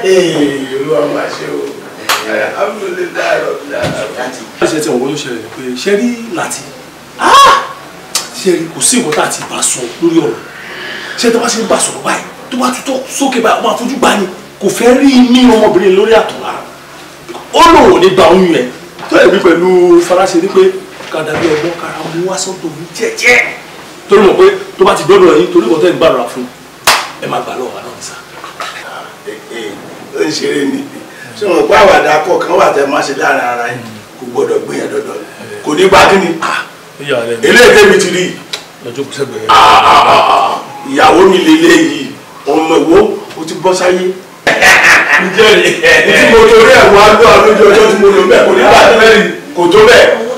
eh, olúwa máa ṣe o eh. alhamdulilayi rabbil alamin. ó ṣe tí òun ló ṣẹlẹ̀ pé ṣe rí láti ah! ṣe rí kò sí nǹkan tá a ti bá sọ lórí ọ̀rọ̀ ṣe tí wọ́n ṣe ń bá sọ̀rọ̀ báyìí tó bá tutọ́ sókè báyìí ó máa fojú gbá kò fẹ́ rí mí ọmọbìnrin lórí àtọ̀lá ó lòun ò ní gba oyún yẹn tó ẹ̀rí pẹ̀lú faransé ni pé kàdà bí ọgbọ́n kara mú wá sọ́dọ̀ mi jẹ́jẹ́ torí mọ̀ pé tó bá ti dọ́dọ̀ yín torí ìwọ́tẹ́ ń gbàdúrà fún ẹ má gbà lọ́wọ́ náà nìsa. ó ń ṣeré ni ṣé wọn pé àwàdà akọ kan wà tẹ má ṣe láàrin ara yín kò gbọdọ̀ gbìyàn dọ́dọ̀ kò ní bá kíni eléyìí ah, tẹ́mi ti rí ah, ah, ìyàwó mi lélẹ́yìí ọmọ ìwó o ti bọ́ sáyé ǹjẹ́ ẹ̀ mo torí ẹ̀ wá lọ́ọ́ lójú ọjọ́ tí mo lò bẹ́ẹ̀ kò ní bá tẹ́lẹ̀ kò tó bẹ́ẹ̀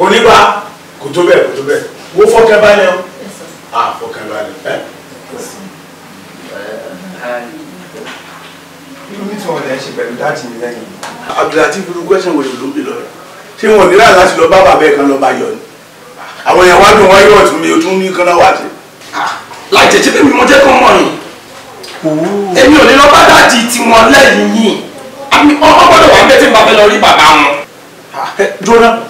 oníbà kò tó bẹ́ẹ̀ kò tó bẹ́ẹ̀ wo fọ́kẹ́ balẹ̀ o à ah, fọ́kẹ́ balẹ̀ ẹ. irú mi tí wọn lè ṣe pẹ̀lú dáàtì mi lẹ́yìn. abdulhatif irú kwẹ́sàn wo ìlú mi lọ́rọ̀ ṣé wọn ní láàrín láti lọ bá bàbá ẹ̀ kan lọ bá yọ ni àwọn èèyàn wá dùn wá yọ̀ tún mi o tún ní kan náà wá sí. Ah, láì tètè pé mi mo jẹ́ kó mọ̀ ni èmi ò ní lọ bá dáàtì tiwọn lẹ́yìn yìí ọgbọ́dọ̀ wà ń bẹ́ẹ̀ tí bàbá lọ rí bàbá wọn. Ah, dúró náà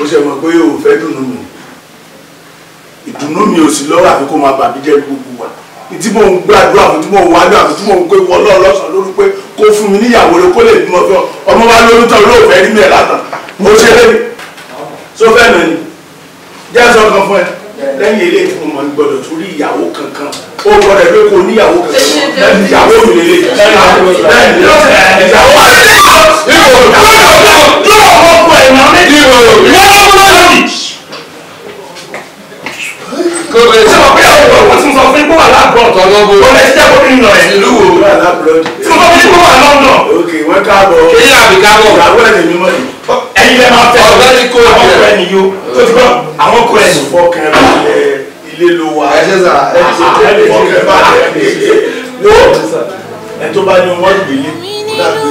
ó ṣe mọ̀ pé o fẹ́ dùnú mi ìdùnnú mi ò sí lọ́wọ́ àfi kó máa bàbí jẹ́ gbogbo wa tí mò ń gbàdúrà fún tí mò ń wájú àfi tí mò ń pé wọ́n lọ́ọ̀ lọ́sàn lórí pé kó fún mi níyàwó rẹ kó lè bímọ fún ọ ọmọ wa lórí tán ló fẹ́ rí mi ẹ̀ látàn ó ṣe é sófẹ́ mi ni jẹ́ sọ kan fún ẹ lẹ́yìn ilé ìfún ọmọ gbọ́dọ̀ tún rí ìyàwó kankan ó gbọ́dọ̀ pé kò níyàwó kankan ìyàwó mi lè lè ìyàwó àti ìyàwó ìyàwó ìyàwó kó lè ṣe mọ̀ pé àwọn ọmọ tí mo sọ fún yín kó wà láàbọ̀ tọ́lọ́gbọ̀ ó lè ṣe jẹ́ kóbi nínú ẹ̀ lù ú tí mo sọ fún yín kó wà lọ́nà. ok wọ́n káàbọ̀ kí ni àbí káàbọ̀ ìyàwó ẹ̀ lèmi mọ̀ yìí. ẹ̀yin lè máa fẹ́ ọ̀gbẹ́ni kó àwọn kọ ẹni yó tó ti gbọ́ àwọn kọ ẹni. fọkàn balẹ̀ ilé ló wà. ẹ ṣe sà ẹ ṣe tẹ́lẹ̀ fọkàn balẹ̀ ilé wo ẹ tó bá ní wọ́n gbìyànjú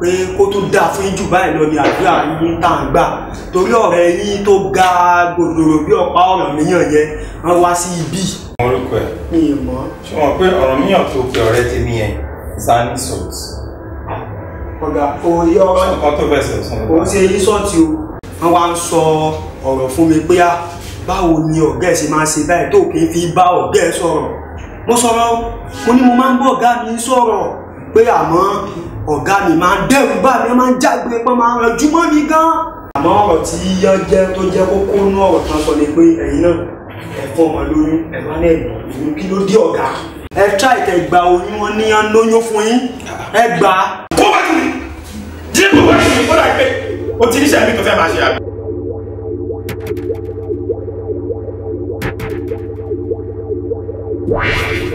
pé kó tó dáa fún jù báyìí lọ ni àdúrà yín tá à ń gbà torí ọ̀rẹ́ yín tó ga gbòdòdò bí ọ̀pá ọ̀ràn míyàn yẹn wọ́n wá sí ibí. orúkọ ẹ mi ì mọ. ṣé wọn pé ọ̀ràn míyàn tó pe ọ̀rẹ́ tèmi yẹn zani salt. ọ̀gá òye ọ̀rọ̀ nǹkan tó fẹsẹ̀ sọ. òun ṣe yí sọ́ọ̀tì o wọ́n wá ń sọ ọ̀rọ̀ fún mi pé à ah, báwo ni ọ̀gá ẹ̀ ṣe máa ṣe báyìí tó kì í fi bá ọ̀gá ẹ̀ sọ̀rọ̀ mo sọ̀rọ̀ mo ní mo máa ń bọ̀ ọ̀gá mi sọ̀rọ̀ pé àmọ́ ọ̀gá mi máa ń dẹ́rù bá mi máa ń jágbe pọ́n máa ń ranjú mọ́ mi gan. àmọ́ ọ̀rọ̀ tí yíyá jẹ́ tó jẹ́ kókó inú ọ̀rọ̀ tán sọ ni pé ẹ̀yin náà ẹ fún ọmọ lóyún ẹ bá lẹ̀ lóyún kí ló dé ọ̀gá. ẹ tra ìtẹ̀ gba oyún wọn ní yán lóyún fún yín ẹ gbà. kó bá tún mi jíjí kó bá tún mi kó dà pé o ti níṣẹ́ mi tó fẹ́ máa ṣe àbí. Wow.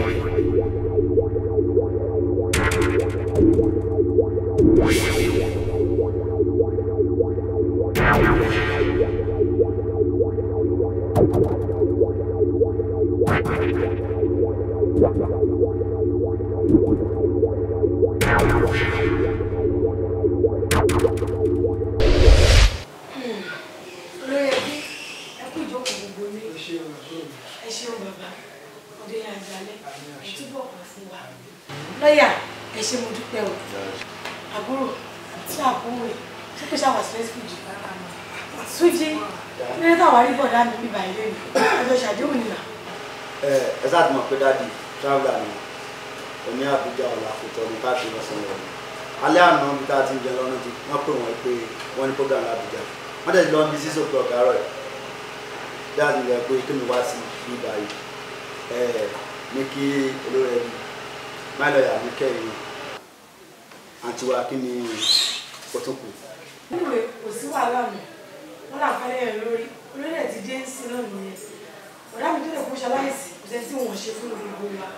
lọ́yà ẹ ṣe mo dúpẹ́ o àbúrò àti àbúrò ṣé kò ṣàwà sílẹ̀ síjì Sújì nínú táwọn arígbọ̀n dá mi bíbá ilé mi ọjọ́ ṣàdéhùn nìyà. ẹ ẹ sáà ti mọ̀ pé dáàdi traveller ni oní Àbújá ọ̀la àfòtọ́ ní káàkiri ọ̀sán rẹ̀ ni alẹ́ àná bí tá a ti ń jẹ lọ́nà tí wọ́n pè wọ́n pé wọ́n ní program l'Àbújá wọ́n tẹ̀sí lọ́n bí six o'clock àárọ̀ ẹ̀ dáàdi rẹ̀ pé kí mi wá sí bíbá yìí ẹ ní kí olórí ẹbí má lọ yà mí kẹ́rin àti wa kí ni o tó kù. níwèé kò sí wàhálà mi wọn là fẹ́rẹ̀ ẹ̀ lórí olórí ẹ̀ ti dé ń sin náà nìyẹn ọ̀dà mi tó lè kó ṣaláìsì kò sẹ́ni tí wọ́n ṣe fún gbogbo wa.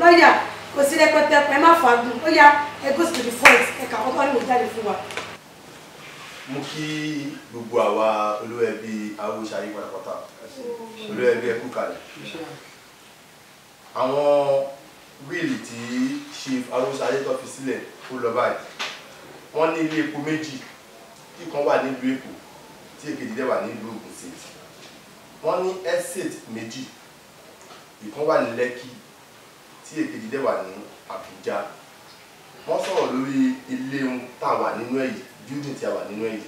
lọ́ọ̀yà kò sí rẹpẹtẹ pẹ́ má fàágùn ó yá ẹ go to the point ẹ̀ka kọ́kọ́ ni mo jáde fún wa. mo kí gbogbo àwa olóyẹbí awúṣà yìí pátápátá olóyẹbí ẹkú kalẹ̀ àwọn wíìlì tí chief arosa ayétọ́ fi sílẹ̀ ó lọ báyìí wọ́n ní ilé epo méjì tí kan wà nílùú èkó tí èkejì dẹ̀ wà nílùú Ògùn state wọ́n ní estate méjì ìkan wà ní lẹ́kì tí èkejì dẹ̀ wà ní àbújá wọ́n sọ̀rọ̀ lórí ilé tá a wà nínú èyí building tí a wà nínú èyí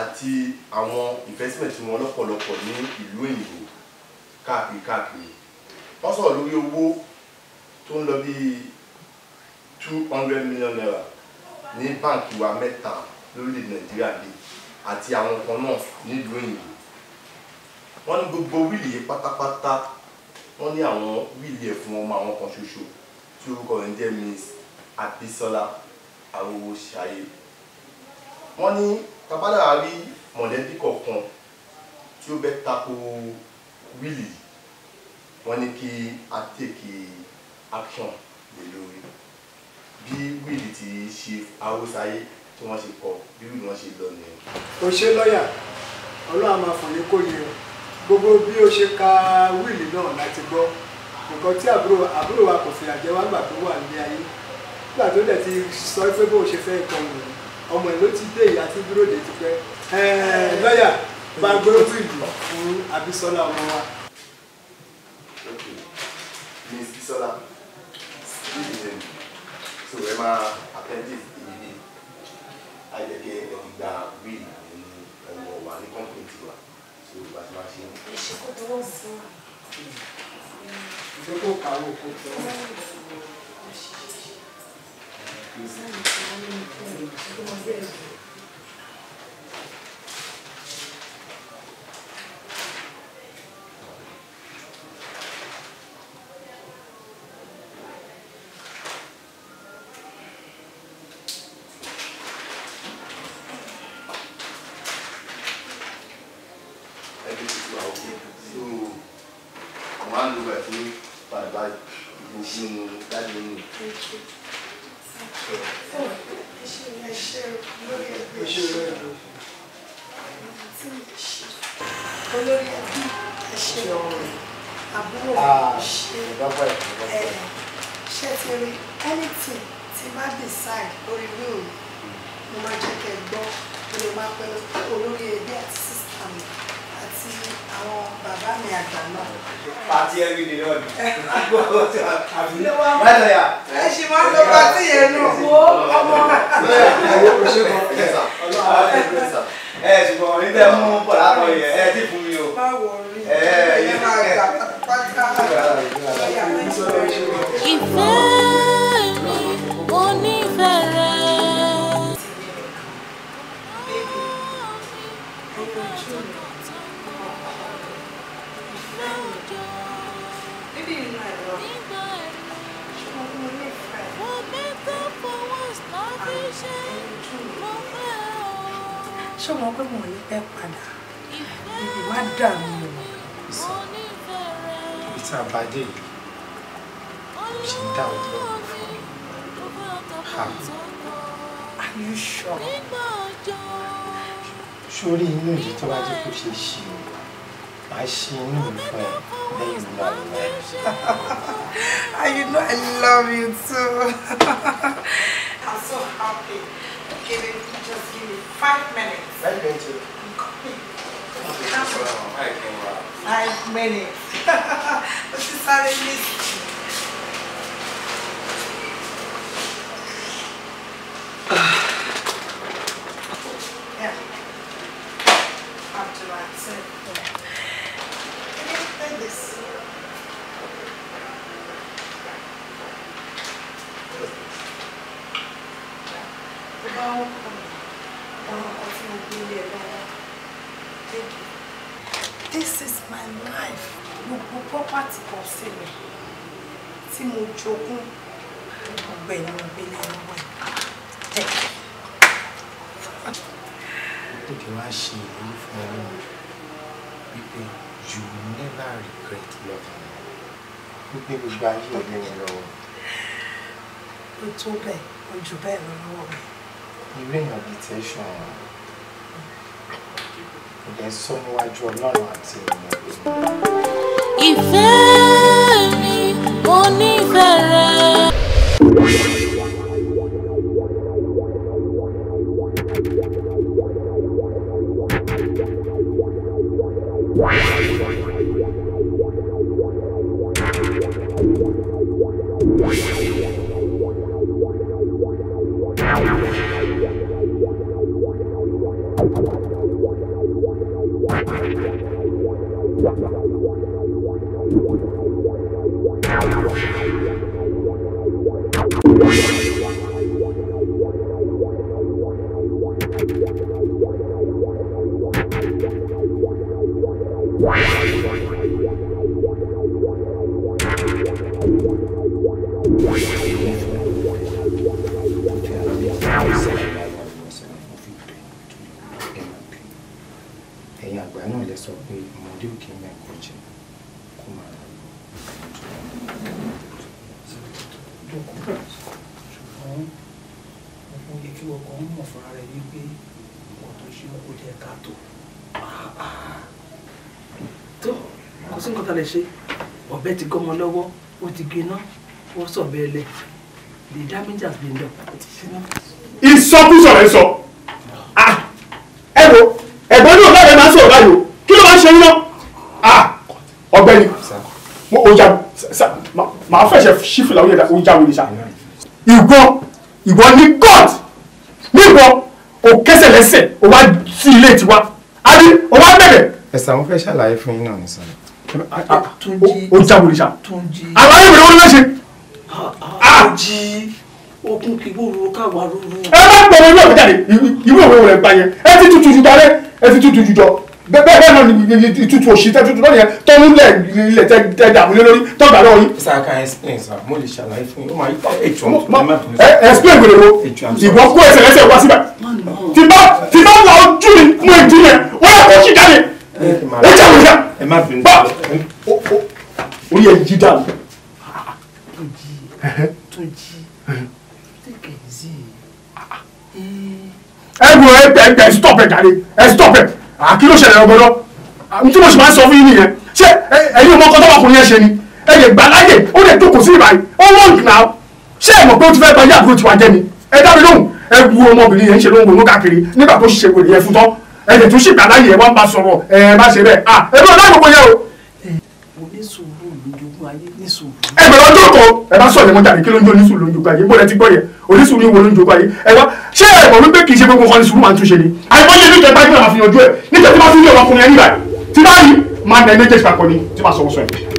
àti àwọn investment wọn lọ́pọ̀lọpọ̀ ní ìlú òyìnbó káàkiri káàkiri wọ́n sọ̀rọ̀ lórí owó tó ń lọ bí two hundred million naira ní báǹkì wa mẹ́ta lórílẹ̀ nàìjíríà bíi àti àwọn kan náà nílùú òyìnbó wọ́n ní gbogbo wíìlì yìí pátápátá wọ́n ní àwọn wíìlì ẹ̀ fún ọmọ àwọn kan ṣoṣo tí orúkọ rẹ̀ ń jẹ́ miss abisola awowo ṣayé wọ́n ní tabada rí mọ̀lẹ́bí kọ̀ọ̀kan tí ó bẹ́ tako wíìlì wọ́n ní kí a tèkì action lè lórí bí wíìlì ti Chief Awósáyé tí wọ́n ṣe kọ bí wíìlì wọn ṣe lọ nìyẹn. o ṣe lọ́ọ̀yà ọlọ́run máa fún ní kò yẹ gbogbo bí o ṣe ka wíìlì náà láti gbọ́ nǹkan tí àbúrò àbúrò wa kò fìyà jẹ wá gbà tó wà ní ayé nígbà tó dẹ̀ ti sọ pé bó o ṣe fẹ́ nǹkan wò ó ọmọ ẹ̀ ló ti dé ìyá tí dúró de ti pẹ́ lọ́ọ̀yà bá gbọ́dọ̀ wíìlì fún Abísọ́lá ọmọ wa. Miss Bisola reason so ẹ máa apprentice yìí ni àjẹkẹ ẹ ti gba wíìlì nínú ọmọ wa ní company tiwa so bá ti máa ṣe. èsì tó wọ́n sí. ìjọ kò kàwé kò tó. pé bàbá gbogbo nu dájú nù. olórí ẹbí ẹṣẹ ọ̀rẹ́ àbúrò ṣe ẹ ṣe ti rí anything tí má decide lórí wíwò mo máa jẹ́ kẹ́ gbọ́ mo lè máa pẹ́ olórí ẹbí àti Pati bàbá mi àgbà náà. pàtí ẹbí ni lọ́ọ̀dì. àbílẹ̀ wa mọ̀ ẹ ṣì máa ń lọ pàtí yẹn nù wo ọmọ. ẹ ṣùgbọ́n nígbà mú bọ̀ lápọ̀ yẹn ẹ ṣé pé mo yí pẹ padà ibi dà mí o sọ ìta àbájẹ yìí ṣe dà wọn lọ Are you sure? sórí inú ìdí tó bá jẹ́ kó ṣe ṣe o máa ṣe inú mi fún ẹ lẹ́yìn ìlú know I love you too. I'm so happy. Give me, just give me five minutes. Five minutes. I'm coming. Five minutes. this is how it is. Ah. pàtì kan sí tí mo jogún ọgbẹ ní ọgbẹlẹ ọwọ́ ẹ. ó ti wá ṣe ìlérí fún ọlọ́run wípé you never regret loving me wípé gbogbo ayé ò léwu lọ́wọ́. ó tó bẹ́ẹ̀ ó jù bẹ́ẹ̀ lọ lọ́wọ́ mi. irú èèyàn bíi tẹ́ ṣọ̀rọ̀ kò dẹ̀ sọ níwájú ọlọ́run àti ènìyàn ìfẹ́ mi mo nífẹ̀ẹ́ rẹ. ìsọkúsọ rẹ sọ ah, ẹ wo ẹ̀gbọ́n ní ọgá rẹ máa ń sọ̀rọ̀ báyìí o kí ló máa ń ṣe yín náà ah, ọ̀gbẹ́ni ọjà màá fẹsẹ̀ sífìlà oyè ọjà wòlé sa ìgbọ ìgbọ ní god nígbọ o kẹsẹ̀ lẹ́sẹ̀ o wá sí ilé tiwa àbí o wá bẹ̀rẹ̀. ẹ̀sà wọn fẹ́ ṣàlàyé fún yín náà ní sọ. ọjà wòlé sa àlàyé ìwé wọn ló ṣe okun kìgbòrò káwa rúru. ẹ bá pẹ̀lú ilé ọ̀gá jáde ìwé òwe rẹ̀ gbà yẹn ẹ ti tutù jù dalẹ̀ ẹ ti tutù jù jọ bẹ́ẹ̀ bẹ́ẹ̀ náà ni ìtutù òṣì tẹ́ tutù lọ́nìyẹn tọ́nu lẹ̀ ilẹ̀ tẹ́ tẹ́ dàmúlé lórí tọ́gbà lọ́wọ́ yín. sir I can explain sir mo lè ṣàlàyé fún yín ó máa yí pa ètò ọmọ mi. ẹ explain gbèrè wo ìwọ kó ẹsẹ̀ lẹ́sẹ̀ wá síbẹ̀ tí bá tí bá la mú ìdí yẹn wọ́n yẹ kó kí ló ṣẹlẹ̀ ọgbọ́dọ́ ah, tí mo sì máa ń sọ fún yín nìyẹn ṣé ẹ̀yin ọmọ ọkọ tọ́wọ́kùnrin yẹn ṣe ni ẹ lè gbà láyè ó lè jókòó sí ìbàyí ó wọ́n nà á ṣé ẹ mọ̀ pé ó ti fẹ́ gba ilé àbúrò tiwa jẹ́ ni ẹ dá mi lóhùn ẹ wu ọmọbìnrin yẹn ń ṣe ló ń wọnú káàkiri nígbà tó ṣe wèrè yẹn fún tán ẹ lè tún ṣì gbà láyè ẹ wá ń bá sọ̀rọ̀ ẹ má ṣe bẹ́ẹ̀ ah ẹ bí ọlá ìgbòho yẹn o ní sùúrù lójoogun ayé ní sùúrù. ẹ bẹ̀rẹ̀ ọjọ́ kan ẹ bá sọ̀rọ̀ mọ́ta ní kí ló ń jó ní sùúrù lójoogun ayé bóyá ti gbọ́ yẹ onísùúrù wo lójoogun ayé ẹ wá ṣé ẹ mọ̀ wípé kì í ṣe gbogbo kan ní sùúrù máa ń túnṣe ni. àìmọye ní ìjọba ìgbìmọ̀ àfihàn ojú ẹ nítorí tí fi ń yọ̀ ọkùnrin ẹni báyìí tí báyìí máa ń na méjèèjì papọ̀ ni tí máa sọ wọ́n sọ ẹ̀.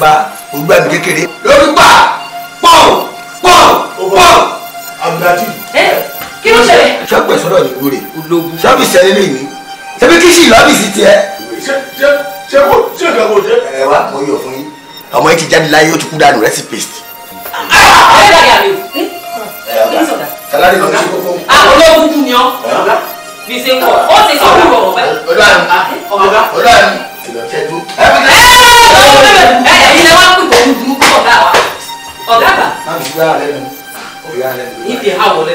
ìjọba olúwa mi kékeré. lórí pa pọ̀ pọ̀ pọ̀. abdulhadi. ẹ kí ló ṣẹlẹ̀. sọ́pẹ̀ sọ́dọ̀ ní wúre sọ́pẹ̀ sẹ́lẹ̀ lè ní sẹ́pẹ̀ kí sì lọ́bìsì tiẹ̀. ṣé ṣé ṣé kò ṣé kò kò ṣe. ẹ wá mo yọ fún yín ọmọ yìí ti jáde láyé ó ti kú dànù rẹ́sípèsì. Ah, ẹ ẹ dàgbà mi salari lọ sí kókó. àwọn ah, olóògùn kù ni ọ fi ṣe ń wọ ó ti sọ fún ìwọ ọgbẹ. ọdọ àná ọdọ àná ṣẹjú ẹ̀yin lẹ wá pè tó ń burúkú ọ̀gá wa ọ̀gá bá. láti gbé àlẹ́ nù ọ̀gá àlẹ́ nù. ibi àwọ̀ lẹ.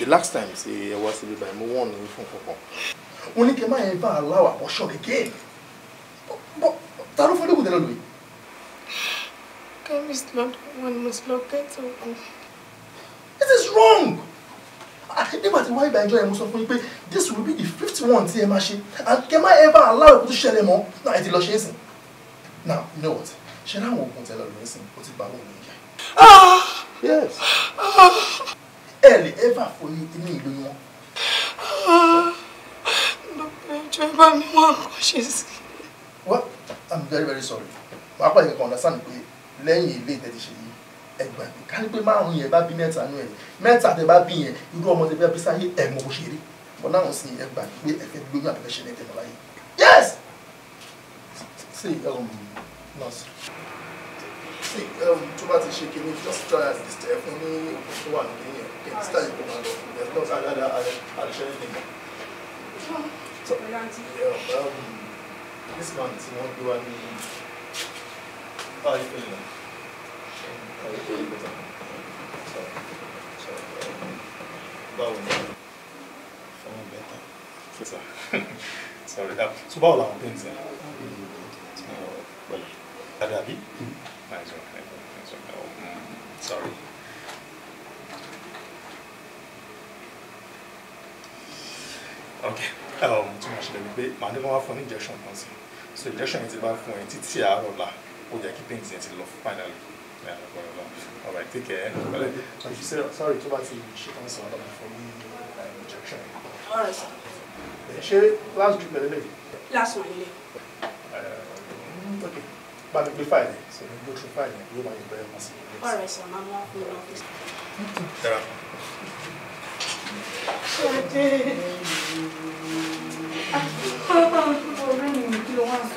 The last time ṣe ẹ wá síbi báyìí mo wọ́n ní fún kankan mo ní kí n má yẹn bá aláwọ̀ àbọ̀ṣọ́ kékeré bọ́ ta ló fọ́dọ̀ kùtẹ́ lọ́dọ̀ yìí. Kẹ́mi lọ́dọ̀ wọn ni mo ti lọ kẹ́tì òkun. This is wrong. Nígbà tí wáyé ìdájọ́ yẹn mo sọ fún yín pé this will be the fifth one tí ẹ máa ṣe and kẹ́ má yẹn bá aláwọ̀ kó tó ṣẹlẹ̀ mọ́ náà ẹ ti lọ ṣe é sìn. Now you know what? Ṣé láwọn oògùn tẹ lọ́dọ̀ yẹn sìn ó ti bá wọn nìyẹn? Yes. Ẹ lè ẹ bá fún mi ìlú wọn. Jọ ẹ bá mi wá nǹkan ṣe sí. Well, I'm very very sorry. Màá pàdé kan understand pé lẹ́yìn ilé ìtẹ́ ti ṣe yìí ẹgbà mi. Ká ní pé márùn-ún yẹn bá bí mẹ́ta nú ẹ̀. Mẹ́ta tẹ bá bí yẹn, irú ọmọ tẹ bá bí sáyé ẹ̀ mọ bó ṣe rí. But now sí ẹgbà mi pé ẹ̀fẹ́ lóyún àbẹ̀fẹ́ ṣe lẹ́tẹ̀ lọ́la yìí. Yes! See, um, nurse. See, um, tó bá ti ṣe kinní, just try as this ẹ fún ní òkú tó wà nílé yẹn. Kì í sítáyì kó máa lọ. There's no other other additional thing. took do 90. Yeah, um, this month you won't do any five billion. So, so, um, báwo ni? better. Yes. Fẹ́tà. Sorry, that. So báwo làwọn bẹ́ẹ̀ ń sẹ́? Pẹ̀lú. Dàdàbí? Àìsàn ẹ̀kọ́. Àìsàn Sorry. Okay. ohun tí mo ṣẹlẹ̀ ni pé màá ní kí wọ́n wá fún ọ ní injection kan sí so injection yẹn ti bá fún ẹ títí àárọ̀ la ó yẹ kí paint yẹn ti lọ finally ní àlọ́kọ̀ ọ̀la all right take care. sorry tó bá ti ṣe tán sọ ọ́ fún mi injection ọ̀rẹ́ sọ. ṣé last week pẹ̀lú lè. last week lè. Mm, ok bá mi gbé fáìlì so mi gbé tru fáìlì yóò máa yẹ bẹ́ẹ̀ mọ́ sí. ọ̀rẹ́ sọ máa mú wá fún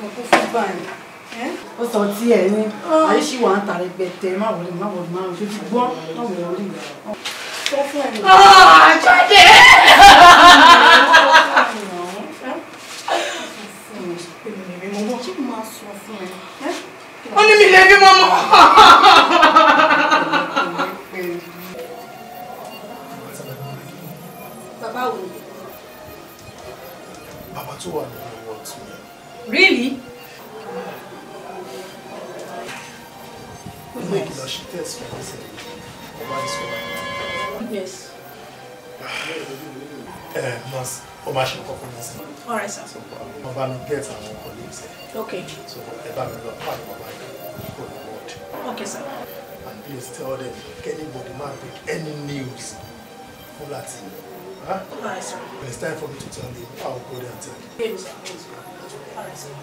kó fún báyìí. ó sọ tí ẹ ní àyè ah. ṣì wà ń tàrí gbẹtẹ má wọlé má wọlé má wọlé ti gbọ́ má wọlé. sọ fún ẹ. Ah, àjọyẹ̀. ó mi lè bí mọ́mọ́. bàbá wo. bàbá tó wà ní. ó máa ṣe nǹkan fún mi sí. Um, bá mi get àwọn colleagues ẹ. ok. so ẹ bá mi lọ pàdé bàbá yìí kó lè wọ́ọ̀dì. ok sir. and please tell them anybody ma break any news fún láti yìí. Huh? Alright, sir. It's time for me to tell them. I'll go there and tell them. Yes, sir. Alright, sir.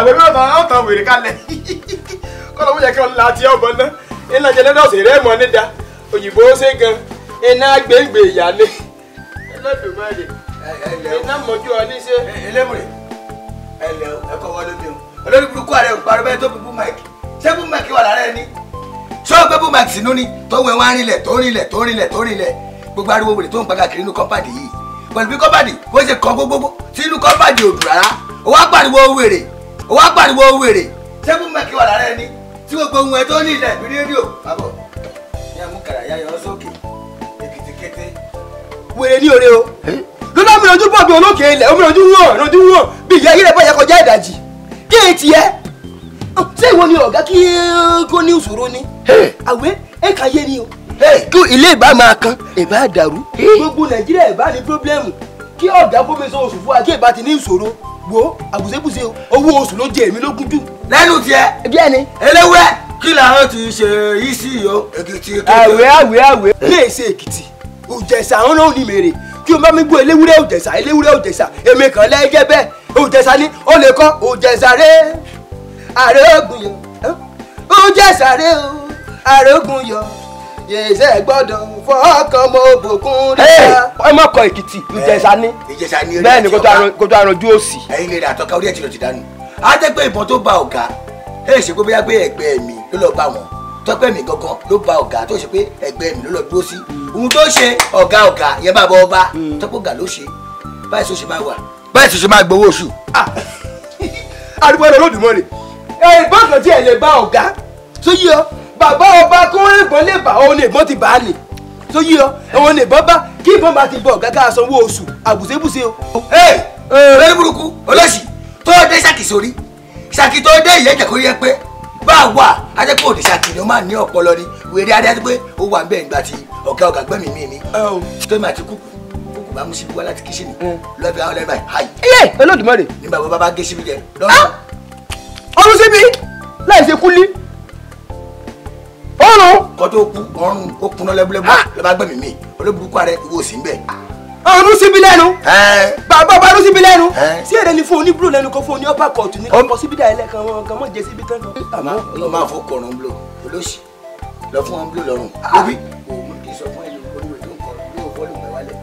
àbẹ bí ọ̀tàn ọ̀tàn wèrè kalẹ̀ kọ́lọ́ mú yẹ kí wọ́n la tiẹ̀ ọ̀bọ ná iná jẹ lẹ́dọ̀ọ̀sì rẹ̀ mọ́ ní da òyìnbó ṣe gan iná gbégbé ìyálé ẹlẹ́dùnmáyè iná mọ́jú ọ ní ṣe. ẹlẹ́mùrè ẹlẹ́ ẹ̀kọ́ wọlé mi o o gbogbo ariwo wèrè tó ń gbàgà kiri inú kọ́mpáàdì yìí pẹ̀lú bí kọ́mpáàdì bó ṣe kọ́ gbogbogbò sínú kọ́mpáàdì òdù rárá o wá pariwo wèrè ó wá pariwo wèrè ṣé mú mẹ́kì wà lára ẹni tí gbogbo ohun ẹ tó ní ilẹ̀ ìbí rédíò bàbọ̀ ní àmúkàrà yá yọ sókè èkìtì kété wèrè ní òre o lọ́dọ̀ mi lójú bọ̀ bí olókè ilẹ̀ omi lójú wọ̀n lójú wọ̀n bí ìyá yẹlẹ bá yẹ kọjá ìdajì kí èyí ti yẹ ah, ṣé ìwọ ni ọ̀gá kí kó ní ìṣòro ni àwẹ̀ ẹ̀ kà yé ni o kí ilé ìbá máa kan ìbá dàrú gbogbo nàìjíríà ìbá ní pírọ́blẹ́mù kí ọ̀gá fómi sọ oṣù fún wa kí ìbá ti ní ìṣòro wo àbùsẹ̀bùsẹ̀ owó oṣù ló jẹ èmi lógún jù. lẹ́nu tiẹ̀. bí ẹni. eléwé kí làwọn ti ṣe yìí sí o. èkìtì tó jẹ. àwẹ̀ àwẹ̀ àwẹ̀. ilé ìṣe èkìtì òjẹ̀sà àwọn náà ní mèrè kí o bá mi gbọ́ eléwúrẹ́ òjẹ̀sà eléwúrẹ́ òjẹ̀sà èmi kàn lẹ́jẹ́ bẹ́ẹ̀ òjẹ̀sà ni ó lè kọ́ òjẹ̀sà rẹ̀ àrògùn yọ òjẹ̀sà rẹ̀ àrògùn yọ ìjẹsẹ̀ gbọ́dọ̀ fọ́ọ̀kan mo bòkun rí ta. ẹ mọ̀ kọ èkìtì ìjẹsà ní bẹ́ẹ̀ ni kótó arànjú òsì. ẹyin lè rà àtọ́ka orí ẹ̀jẹ̀ lọ ti dànù á jẹ́ pé ìbọn tó ba ọ̀gá ẹ̀ ṣe pé bóyá pé ẹ̀gbẹ́ mi ló lọ bá wọn tọ́pẹ́ mi gangan ló ba ọ̀gá tó ṣe pé ẹ̀gbẹ́ mi ló lọ dúró sí ohun tó ṣe ọ̀gá ọ̀gá yẹn bá bọ ọba hmm. tọ́pẹ́ ọ̀gá ló ṣe báyìí tó ṣe máa wà báyìí tó ṣe máa gbowó oṣù. àdúgbò ẹ̀rọ lódìmọ́ ni ẹ̀ bá ọ̀gá tí ẹ̀ lè bá ọ̀gá tó yí ọ bàbá ọba kí wọ́n yìnbọn lè bá òun nìbọn ti bá a nì tó yí ọ òun nìbọn bá kí ìbọn bá ti bọ̀ gàgà sanwó oṣù àbùsébùsé o. ẹ ẹ lórí burúkú olóṣì tó dé sàkì sórí sàkì tó dé ìyẹn jẹ kó yẹ pé bá a wà á jẹ́ pé òde sàkì ni ó máa ní ọpọlọ ni wèrè adé adé pé ó wà bẹ́ẹ̀ nígbà tí ọ̀gá ọ̀gá gbẹ́mí mi mi tó máa ti kú bá mú síbi wá láti kíṣìnì lọ́bẹ̀ àwọn ọlẹ́bàá ọrùn. kọjọ kú ọrùn ó kuná lẹbúlẹbú ah. lọba gbẹmí mi olóburúkú rẹ ìwọ sí ń bẹ. Ah, ọrùn síbi lẹ́nu. bàbá bá rún síbi lẹ́nu. sí èdè ni fún oníbúrò lẹ́nu kan fún oní ọba kọọtù ní kọpọ síbi dà ẹlẹ kan wọn kan mọ jẹ síbi tán. àmọ́ ló máa fọ kọrùn bulo olóṣì lọ fún wọn bulo lọ́rùn. lóbi ah. òun kì í sọ fún ẹyọ olúwe tó ń kọ lóò fọlùmọ wálẹ.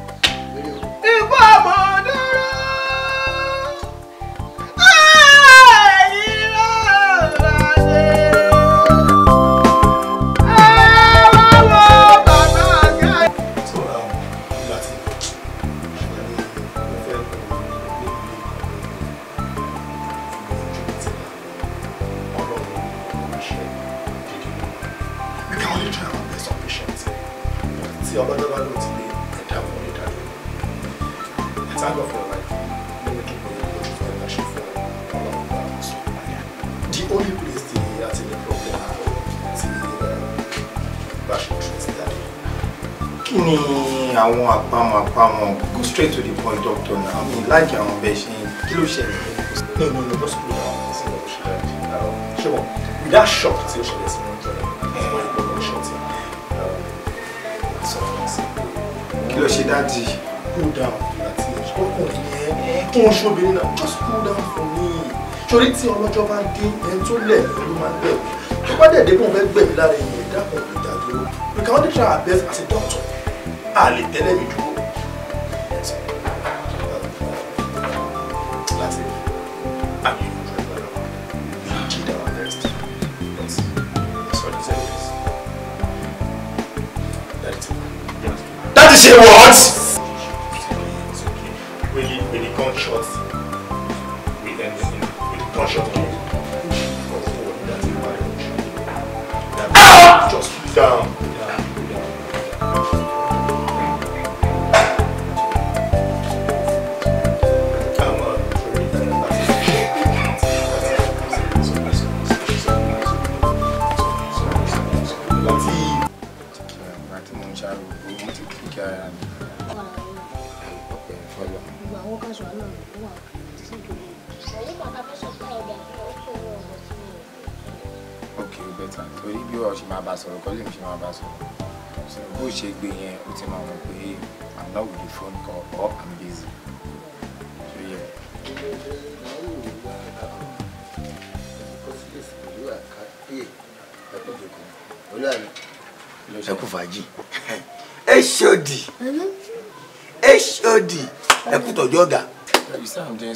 àwọn àpamọ́ àpamọ́ go straight to the point doctor náà àwọn ìlàjì àwọn ọbẹ̀ ṣe kí ló ṣẹlẹ̀. no no no just put down the thing that we should have ṣùgbọ́n with that shock tí ó ṣẹlẹ̀ sí wọn eh. um, jọ kí ló ṣe dáàdì. cool down àti ọkùnrin yẹn kí wọ́n ṣóbìnrin náà just cool down for me torí tí ọlọ́jọ́ bá dé ẹni tó lẹ̀ ló máa gbẹ̀mí tó bá dẹ̀ dé bóun fẹ́ gbẹ̀mí lára ẹ̀yìn ẹ̀dá kan ìdádúró we can only try our best as a doctor a lè tẹ́lẹ̀ mi dúró. That is a what?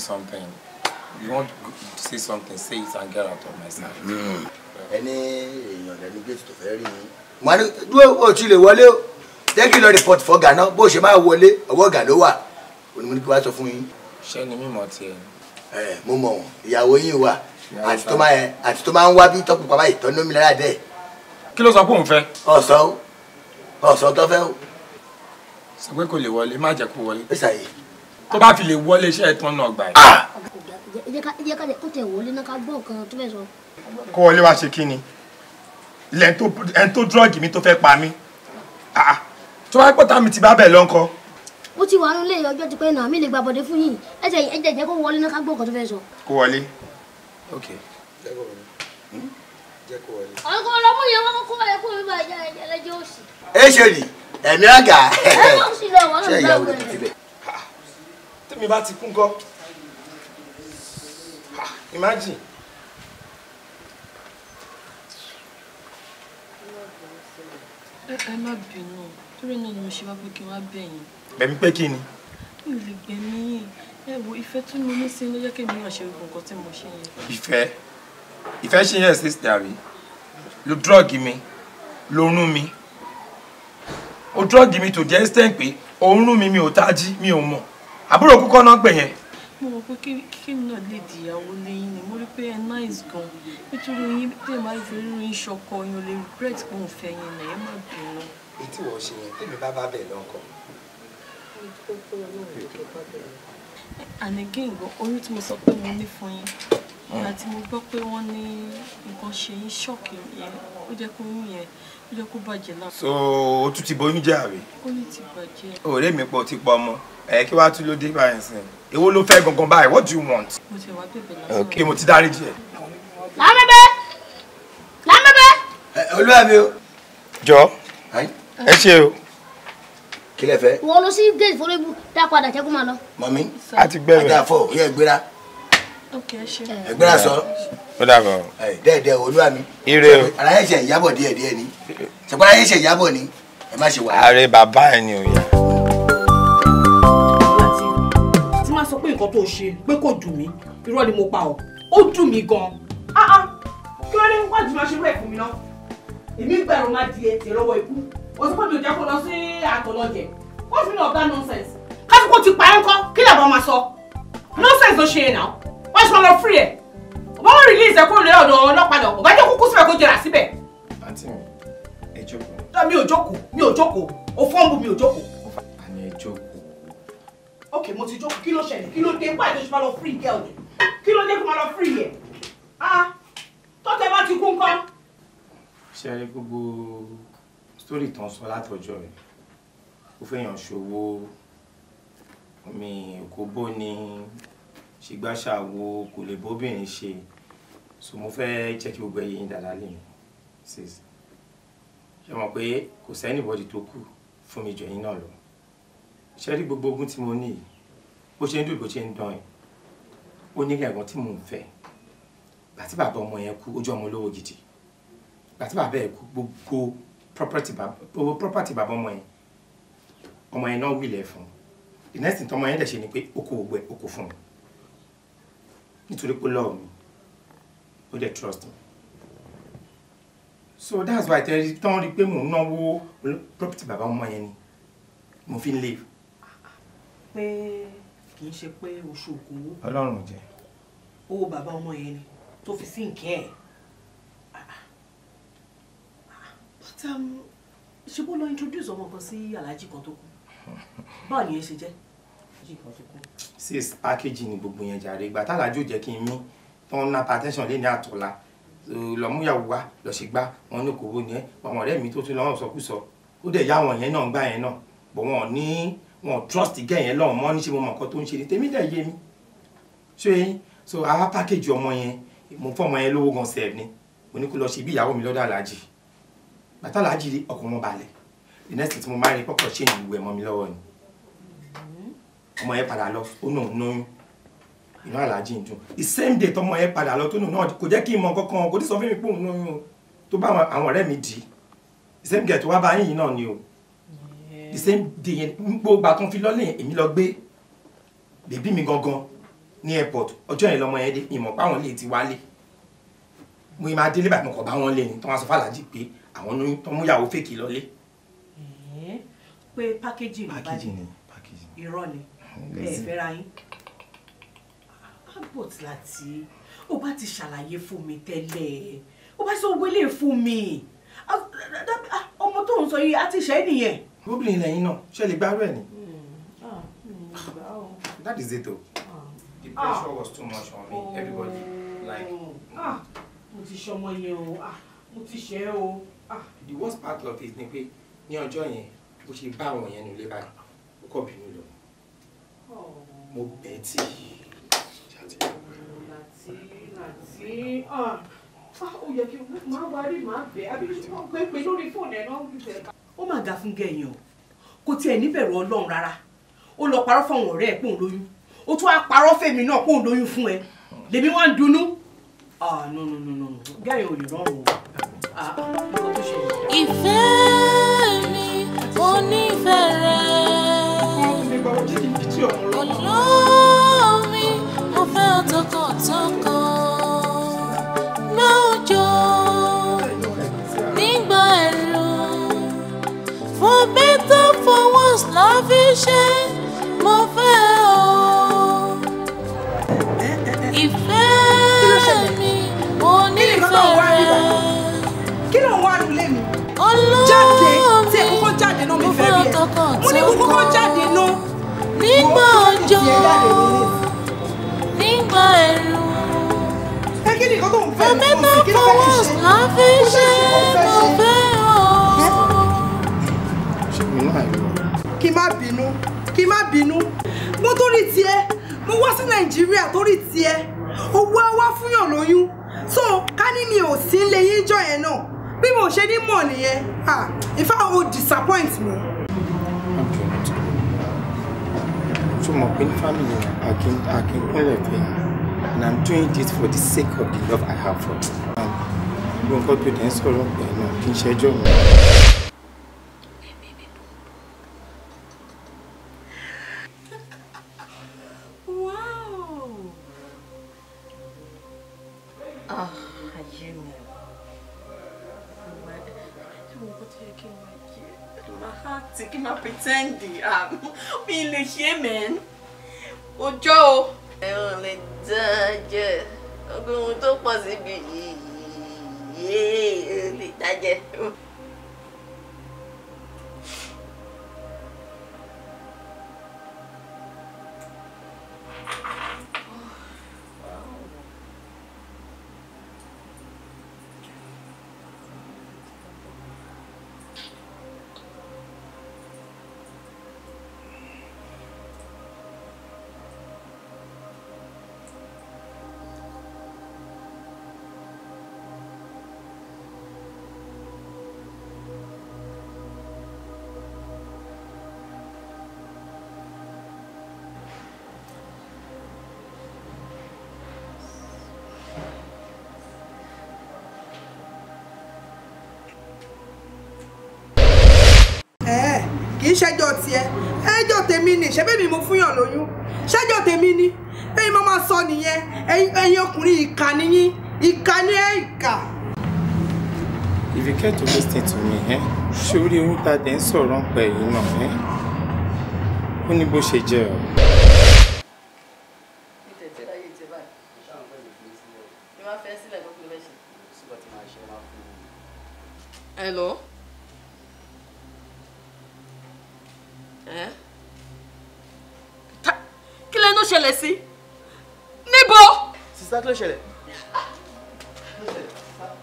something. You want to say something, say it and get out of my sight. Hmm. Ẹni èèyàn lẹni gbèsè tó fẹ́ rí yín. Màá ní dúró o ti lè wọlé o. report for Ghana bó ṣe máa wọlé ọwọ́ ọ̀gá ló wà. Onímọ̀ ní kí wá sọ fún yín. Ṣé ni mímọ̀ tiẹ̀? Ẹ mo mọ̀ wọ́n, ìyàwó yín wà àti tó máa àti tó máa ń wá bí tọ́pù pàmò ìtọ́nú mi lára dẹ̀. Kí ló sọ pé òun fẹ́? Ọ̀sán o, ọ̀sán tó fẹ́ o. Sọ pé kò lè wọlé, má jẹ́ kó wọlé. Ó ṣàyè tó bá fi lè wọlé iṣẹ́ ẹ̀ tán náà gbà ah! ẹ̀. ìjẹ́ ká tẹ̀ wọlé náà ká gbọ́ nǹkan tó fẹ́ sọ. kó wọlé wá ṣe kí ni ẹn tó dúrọ́ọ̀gì mi tó fẹ́ pa mí ah, ah. tó bá pọ̀ tàmí ti bá bẹ̀ lọ́nkọ́. ó ti wà nílé ọjọ́ ti pẹ́ náà mi lè gba bọ̀dé fún yìí ẹ̀jẹ̀ ẹ̀jẹ̀ jẹ́ kó wọlé náà ká gbọ́ nǹkan tó fẹ́ sọ. kó wọlé. ok jẹ́ kó wọlé hmm? jẹ́ kó wọlé. ọkọ ọlọmọ yẹn wọn kó wọlé kó mi máa jẹ ẹlẹjẹ òsì. ẹ ṣe rí ẹ̀mí àgà. ẹ mi bá ti kú ńkọ́ imagine. ẹ má bínú torí náà ni mo ṣe wá pé kí n wá bẹ̀yìn. bẹ̀mí pé kí ni. mi ò lè gbẹ̀mí yìí ẹ wo ìfẹ́ tí mo ní sí ló jẹ́ kí èmi náà ṣe gbogbo nǹkan tí mo ṣe yẹn. ìfẹ́ ìfẹ́ ṣe yẹn sí ìdàrí lo dúrọ́ọ̀gì mi lo rún mi o dúrọ́ọ̀gì mi tó jẹ́ stent pé òun mi mi ò tají mi ò mọ̀ àbúrò kúkọ náà pè yẹn. mo rò pé kí ni náà lè dìyàwó lẹ́yìn ni mo rí pé ẹ nice gan nítorí yín tẹ̀ máa fi rírun yín ṣọkọ yín ò lè regret pé òun fẹ́ yín náà ẹ má bínú. ètí wọ́n ṣe yẹn tèmi bá bá bẹ̀ lọ́kọ̀. and again gan oyún tí mo sọ pé mo ní fún yín ìgbà tí mo gbọ́ pé wọ́n ní nǹkan ṣe yín ṣọ́ọ̀kì yẹn ó jẹ́ kó yún yẹn ó jẹ́ kó bàjẹ́ náà. so o tún ti bọ oyún jẹ́ àrí. ó ní ti bàjẹ́. ọ̀rẹ́ mi pọ̀ ti pa ọmọ ẹ kí wàá tún ló dé báyìí sìn èwo ló fẹ́ gangan báyìí what do you want. mo ti wá bèbè lásán. ok mo ti dáríjì ẹ. lámẹ́bẹ́ lámẹ́bẹ́. olúwa mi o. jọ ẹ ṣe o. kí lẹ fẹ́. wọ́n lọ sí gate forebu dá padà jẹ́kùn máa lọ. mọ̀mí a ti gbẹ́rẹ̀ àdàfọ̀ yẹ gbéra. ok ẹ ṣe. ẹ gbéra sọ. ó dàbọ̀. dẹ́ẹ̀dẹ́ olúwa mi. ire o. ara yẹn ṣe ìyàbọ̀ díẹ̀díẹ̀ ni ṣùgbọ́n ara yẹn ṣe ìyàbọ̀ ni ẹ má ṣe wà. ààrẹ bàbá ẹ ni ò sọ pé nǹkan tó ṣe pé kò dùn mí irọ́ ni mo pa ọ́ ó dùn mí gan-an. Ah, áá ah. kí ló dé wọ́n ti máa ṣe wẹ́ẹ̀kù mi náà èmi gbẹ̀rù máa di ẹ̀tẹ̀ lọ́wọ́ ikú òsínpọ̀ mi ò jẹ́ kó lọ sí àtọ̀lọ́jẹ̀ what's the meaning of that nonsense kásìkò ti pa ẹ́ ńkọ́ kí làbọ̀ máa sọ nonsense ló ṣe é náà wọ́n ṣe máa lọ free ẹ̀ wọ́n mú release ẹ̀ kúrò ní ọlọ́pàá náà kò jẹ́ kúkú síbẹ̀ kó jẹrà síbẹ̀. àǹtí ẹ jókòó. mi ò jókòó mi ò jókòó òfóǹbù mi ò jókòó. àní jókòó ok mo ti jókòó kí ló ṣẹlẹ̀ kí ló dé wáyé tó ṣe máa lọ free girl ni kí ló dé kó máa lọ free yẹ ah tọ́tẹ̀ bá ti kú ńkọ́. ṣe é gbogbo sítórì tán sọ látọjọ́ rẹ ó fẹ́yàn ṣòwò omi òkú bó ni ṣìgbàṣà wo kò lè bóbìnrin ṣe so mo fẹ́ jẹ́ kí gbogbo ẹ̀yin dàda lè yàn ṣe mọ̀ pé kò sẹ́nìbọ̀dì tó kù fún mi jọ yín náà lọ ṣe rí gbogbo ogun tí mo ní yìí bó ṣe ń dùn bó ṣe ń dán yìí ó ní ẹ̀gbọ́n tí mò ń fẹ́ gbàtí bàbá ọmọ yẹn kú ojú ọmọ olówó gidi gbàtí bàbá ẹ̀ kú gbogbo property bàbá ọmọ yẹn ọmọ yẹn náà wílẹ̀ fún the next thing tọmọ yẹn dẹ̀ ṣe ni pé ó kó gbogbo fún mi nítorí pé lọ́ọ̀ mi ó dẹ̀ trust me so that's why tẹ́ tán rí pé mò ń náwó property bàbá ọmọ yẹn ni mo fi ń live pé kì í ṣe pé oṣù òkú. ọlọ́run jẹ. owó bàbá ọmọ yẹn ni tó fi sí nkẹ́ ẹ̀. but um, ṣe bó lọ introduce ọmọ kan sí aláàjì kan tó kù báwo ni ẹ ṣe jẹ́ sis package ni gbogbo yẹn jàre ìgbà tálàjò jẹ́ kí n mí tán ná patension lé ní àtọ̀la lọ́múyàwó wa lọ́sẹ̀gbá wọn ní kòwó ni ẹ àwọn ọ̀rẹ́ mi tó tún lọ́wọ́ sọkúsọ ó dẹ̀ yá àwọn yẹn náà gbá yẹn náà bọ̀ wọn ní wọn trust gẹ́ yẹn lọ́wọ́ mọ́ níṣẹ́ mo mọ̀ nǹkan tó ń ṣe ni tèmi dẹ̀ yé mi ṣé so àwa package ọmọ yẹn mo fọmọ yẹn lówó gan sẹ́ẹ̀ ni mo ní kó lọ ṣe bí ìyàwó mi lọ́dọ̀ aláàjì bàtà aláàjì rí ọkọ̀ wọn balẹ̀ the next thing mo máa rí pọ́pọ̀ ṣe ìlú ẹ̀mọ́ mi lọ́wọ́ ni mm-hmm. ọmọ yẹn padà lọ ó nà ń lóyún inú aláàjì ń dùn the same day tọmọ yẹn padà lọ tó nù náà kò jẹ́ kí n mọ kankan kò ní sọ fún mi pé òun lóyún o tó bá àwọn ọ̀rẹ́ mi dì í the same day, tó wá bá yín yìí náà ni o the same day yẹn gbogbo àtún fi lọ́lẹ̀ yẹn èmi lọ gbé bèbí mi gangan ní airport ọjọ́ yẹn lọmọ yẹn dé ìmọ̀ páwọn lè ti wálé mo máa délé bàtí mo kàn bá wọn lé ni tí wọ́n sọ fàlàjì pé àwọn ní tó mú ìyàwó fèkì lọ́lé. pé pákéjì ní báyìí irọ́ ni mm, ẹ fẹ́ra yín abbott láti ó bá ti ṣàlàyé fún mi tẹ́lẹ̀ ó bá sọ wọlé fún mi ah, ah, ah, ọmọ tó ń sọ yìí á ti ṣẹ́ nìyẹn obìnrin lẹ́yìn náà ṣe lè gbárù ẹ̀ ni. Hmm. Ah, that is it o. the ah. pressure was too much on me oh. everybody like. Ah, hmm. mo ti ṣọmọ yẹn o mo ti ṣe o. the worst part of it ni pé ní ọjọ́ yẹn bó ṣe bá àwọn yẹn nílé báyìí ó kọ̀ bínú lọ. Oh. mo bẹ̀ tí. láti láti ó yẹ kí n máa wá rí màá bẹ̀ àbí pé pé lórí fóònù ẹ̀ náà ń bẹ̀ ká ó mà ga fún gẹ̀yìn o kò tiẹ̀ níbẹ̀rù ọlọ́run rárá ó lọ parọ́ fáwọn ọ̀rẹ́ ẹ̀ pòun lóyún ó tún á parọ́ fèmí náà pòun lóyún fún ẹ lèmi wá ń dunnú gẹ̀yìn ò lè rọrùn o ìfẹ́ mi ò nífẹ̀ẹ́ rẹ̀ olómi mo fẹ́ tọkàntọkàn. ṣe mo fẹ́ o. ìfẹ́ mi mo nífẹ̀ẹ́ rẹ. kí ló ń wá nílé mi. jáde mi mo ní kókó nígbà òjò nígbà ẹ̀rù. ẹ kí ni kókó ń fẹ́ mi. èmi náà fọwọ́ láfi ṣe é. kí n má bínú kí n má bínú mo torí tiẹ̀ mo wá sí nàìjíríà torí tiẹ̀ owó wá fúnyàn lóyún so ká ní mi ò sí lè yín jọ yẹn náà bí mo ṣe ní mọ̀ nìyẹn ah in o disappoint mi. mo pin family akin akin pẹlẹ pẹ and i'm doing this for the sake of the love i have for you. gbogbo nǹkan tó dẹ̀ ń sọ̀rọ̀ pẹ̀lú kí n ṣẹjọ́ mi. fi lè ṣe mẹ́n ọjọ́ Joe! ẹ̀wọ̀n lè dán jẹ ogún ohun tó pọ̀ síbi yìí lè dájẹ́. í ṣẹjọ́ tiẹ̀ tèmi ni ṣebí mi mo fúnyàn lóyún ṣẹjọ́ tèmi ni ẹ̀yin máa sọ nìyẹn ẹ̀yin ọkùnrin ìkà nìyí ìkà ni ẹ ìkà. if you care to listen to me ẹ eh? ṣé orí oyún ta dẹ̀ ń sọ̀rọ̀ ń pẹ̀ yìí náà ẹ eh? ó ní bó ṣe jẹ́ ọ. Hello? kí ló ṣẹlẹ̀.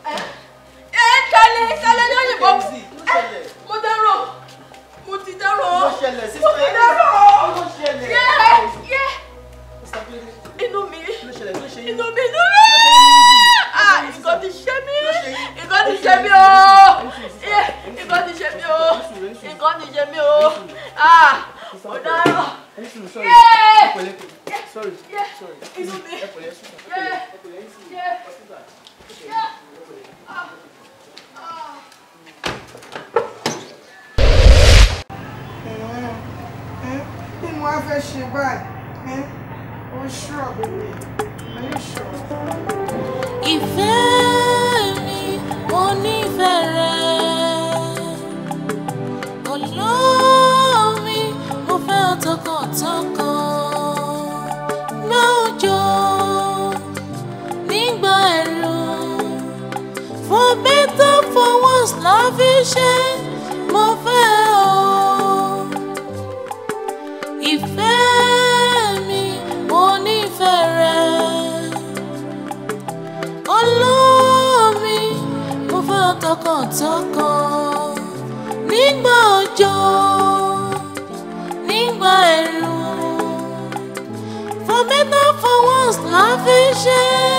ẹ ẹ tẹlẹ tẹlẹ ní òyìnbó mo dárò mo ti dárò mo ti dárò yẹ yẹ inú mi inú mi inú mi nǹkan ti ṣe mí nǹkan ti ṣe mí o nǹkan ti ṣe mí o nǹkan ti ṣe mí o ah mo dárò yẹ. Sorry. Yeah. Sorry. It's okay. Yeah. Yeah. Yeah. Ah. Ah. Kí ni wọ́n fẹ́ ṣe báyìí? Eh? Ó ṣọ́ọ̀bù mi. Ayé ṣọ́ọ̀bù. Ìfẹ́ mi, mo nífẹ̀ẹ́ rẹ̀. Olómi, mo fẹ́ ọ tọkàntọkàn. àbí tó fowó láfi ṣe mo fẹ́ o. ìfẹ́ mi mo nífẹ̀ẹ́ rẹ. olómi mo fẹ́ tọkàntọkàn nígbà òjò nígbà ẹ̀rùn. for me not for once, love is shame.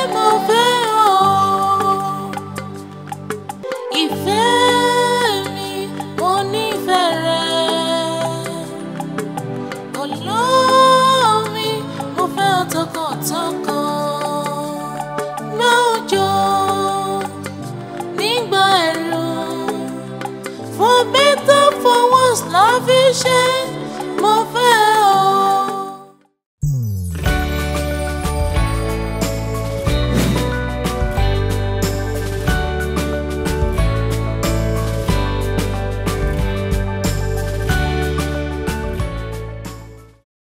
just love is shame.